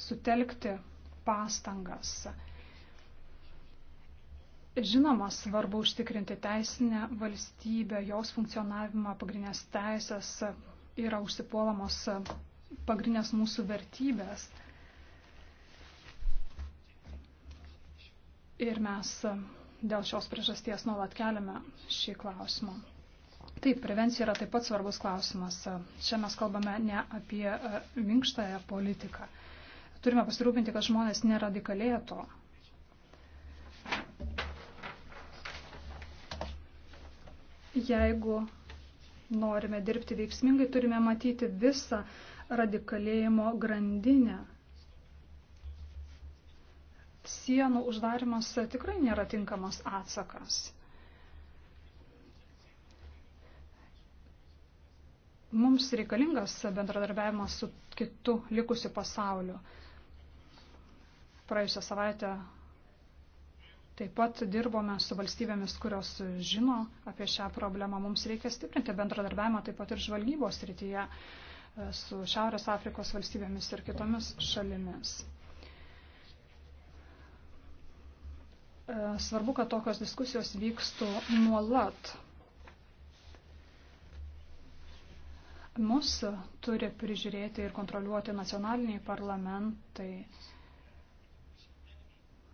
sutelkti pastangas. Žinoma, svarbu užtikrinti teisinę valstybę, jos funkcionavimą, pagrindinės teisės yra užsipuolamos pagrindinės mūsų vertybės. Ir mes dėl šios priežasties nuolat keliame šį klausimą. Taip, prevencija yra taip pat svarbus klausimas. Čia mes kalbame ne apie e, minkštąją politiką. Turime pasirūpinti, kad žmonės neradikalėtų. Jeigu norime dirbti veiksmingai, turime matyti visą radikalėjimo grandinę sienų uždarimas tikrai nėra tinkamas atsakas. Mums reikalingas bendradarbiavimas su kitu likusiu pasauliu. Praėjusią savaitę Taip pat dirbome su valstybėmis, kurios žino apie šią problemą. Mums reikia stiprinti bendradarbiavimą taip pat ir žvalgybos rytyje e, su Šiaurės Afrikos valstybėmis ir kitomis šalimis. E, svarbu, kad tokios diskusijos vykstų nuolat. Mus turi prižiūrėti ir kontroliuoti nacionaliniai parlamentai.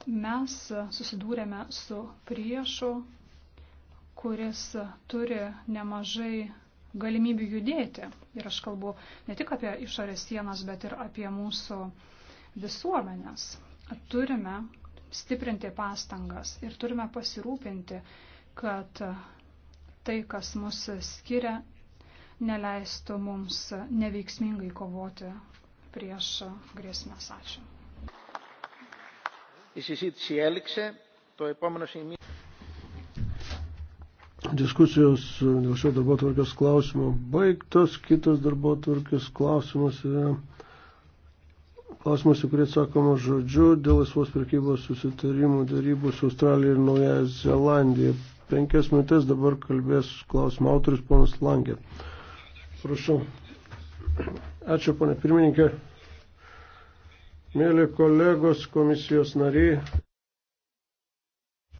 Mes susidūrėme su priešu, kuris turi nemažai galimybių judėti. Ir aš kalbu ne tik apie išorės sienas, bet ir apie mūsų visuomenės. Turime stiprinti pastangas ir turime pasirūpinti, kad tai, kas mus skiria, neleistų mums neveiksmingai kovoti prieš grėsmės. Ačiū. Diskusijos dėl šio darbo tvarkės klausimo baigtos. Kitas darbo tvarkės klausimas yra. Klausimas, į kurį atsakoma žodžiu, dėl laisvos prekybos susitarimų darybų su Australija ir Naujaja Zelandija. Penkias minutės dabar kalbės klausimo autoris ponas Langė. Prašau. Ačiū, ponė pirmininkė. Mėly kolegos, komisijos nariai.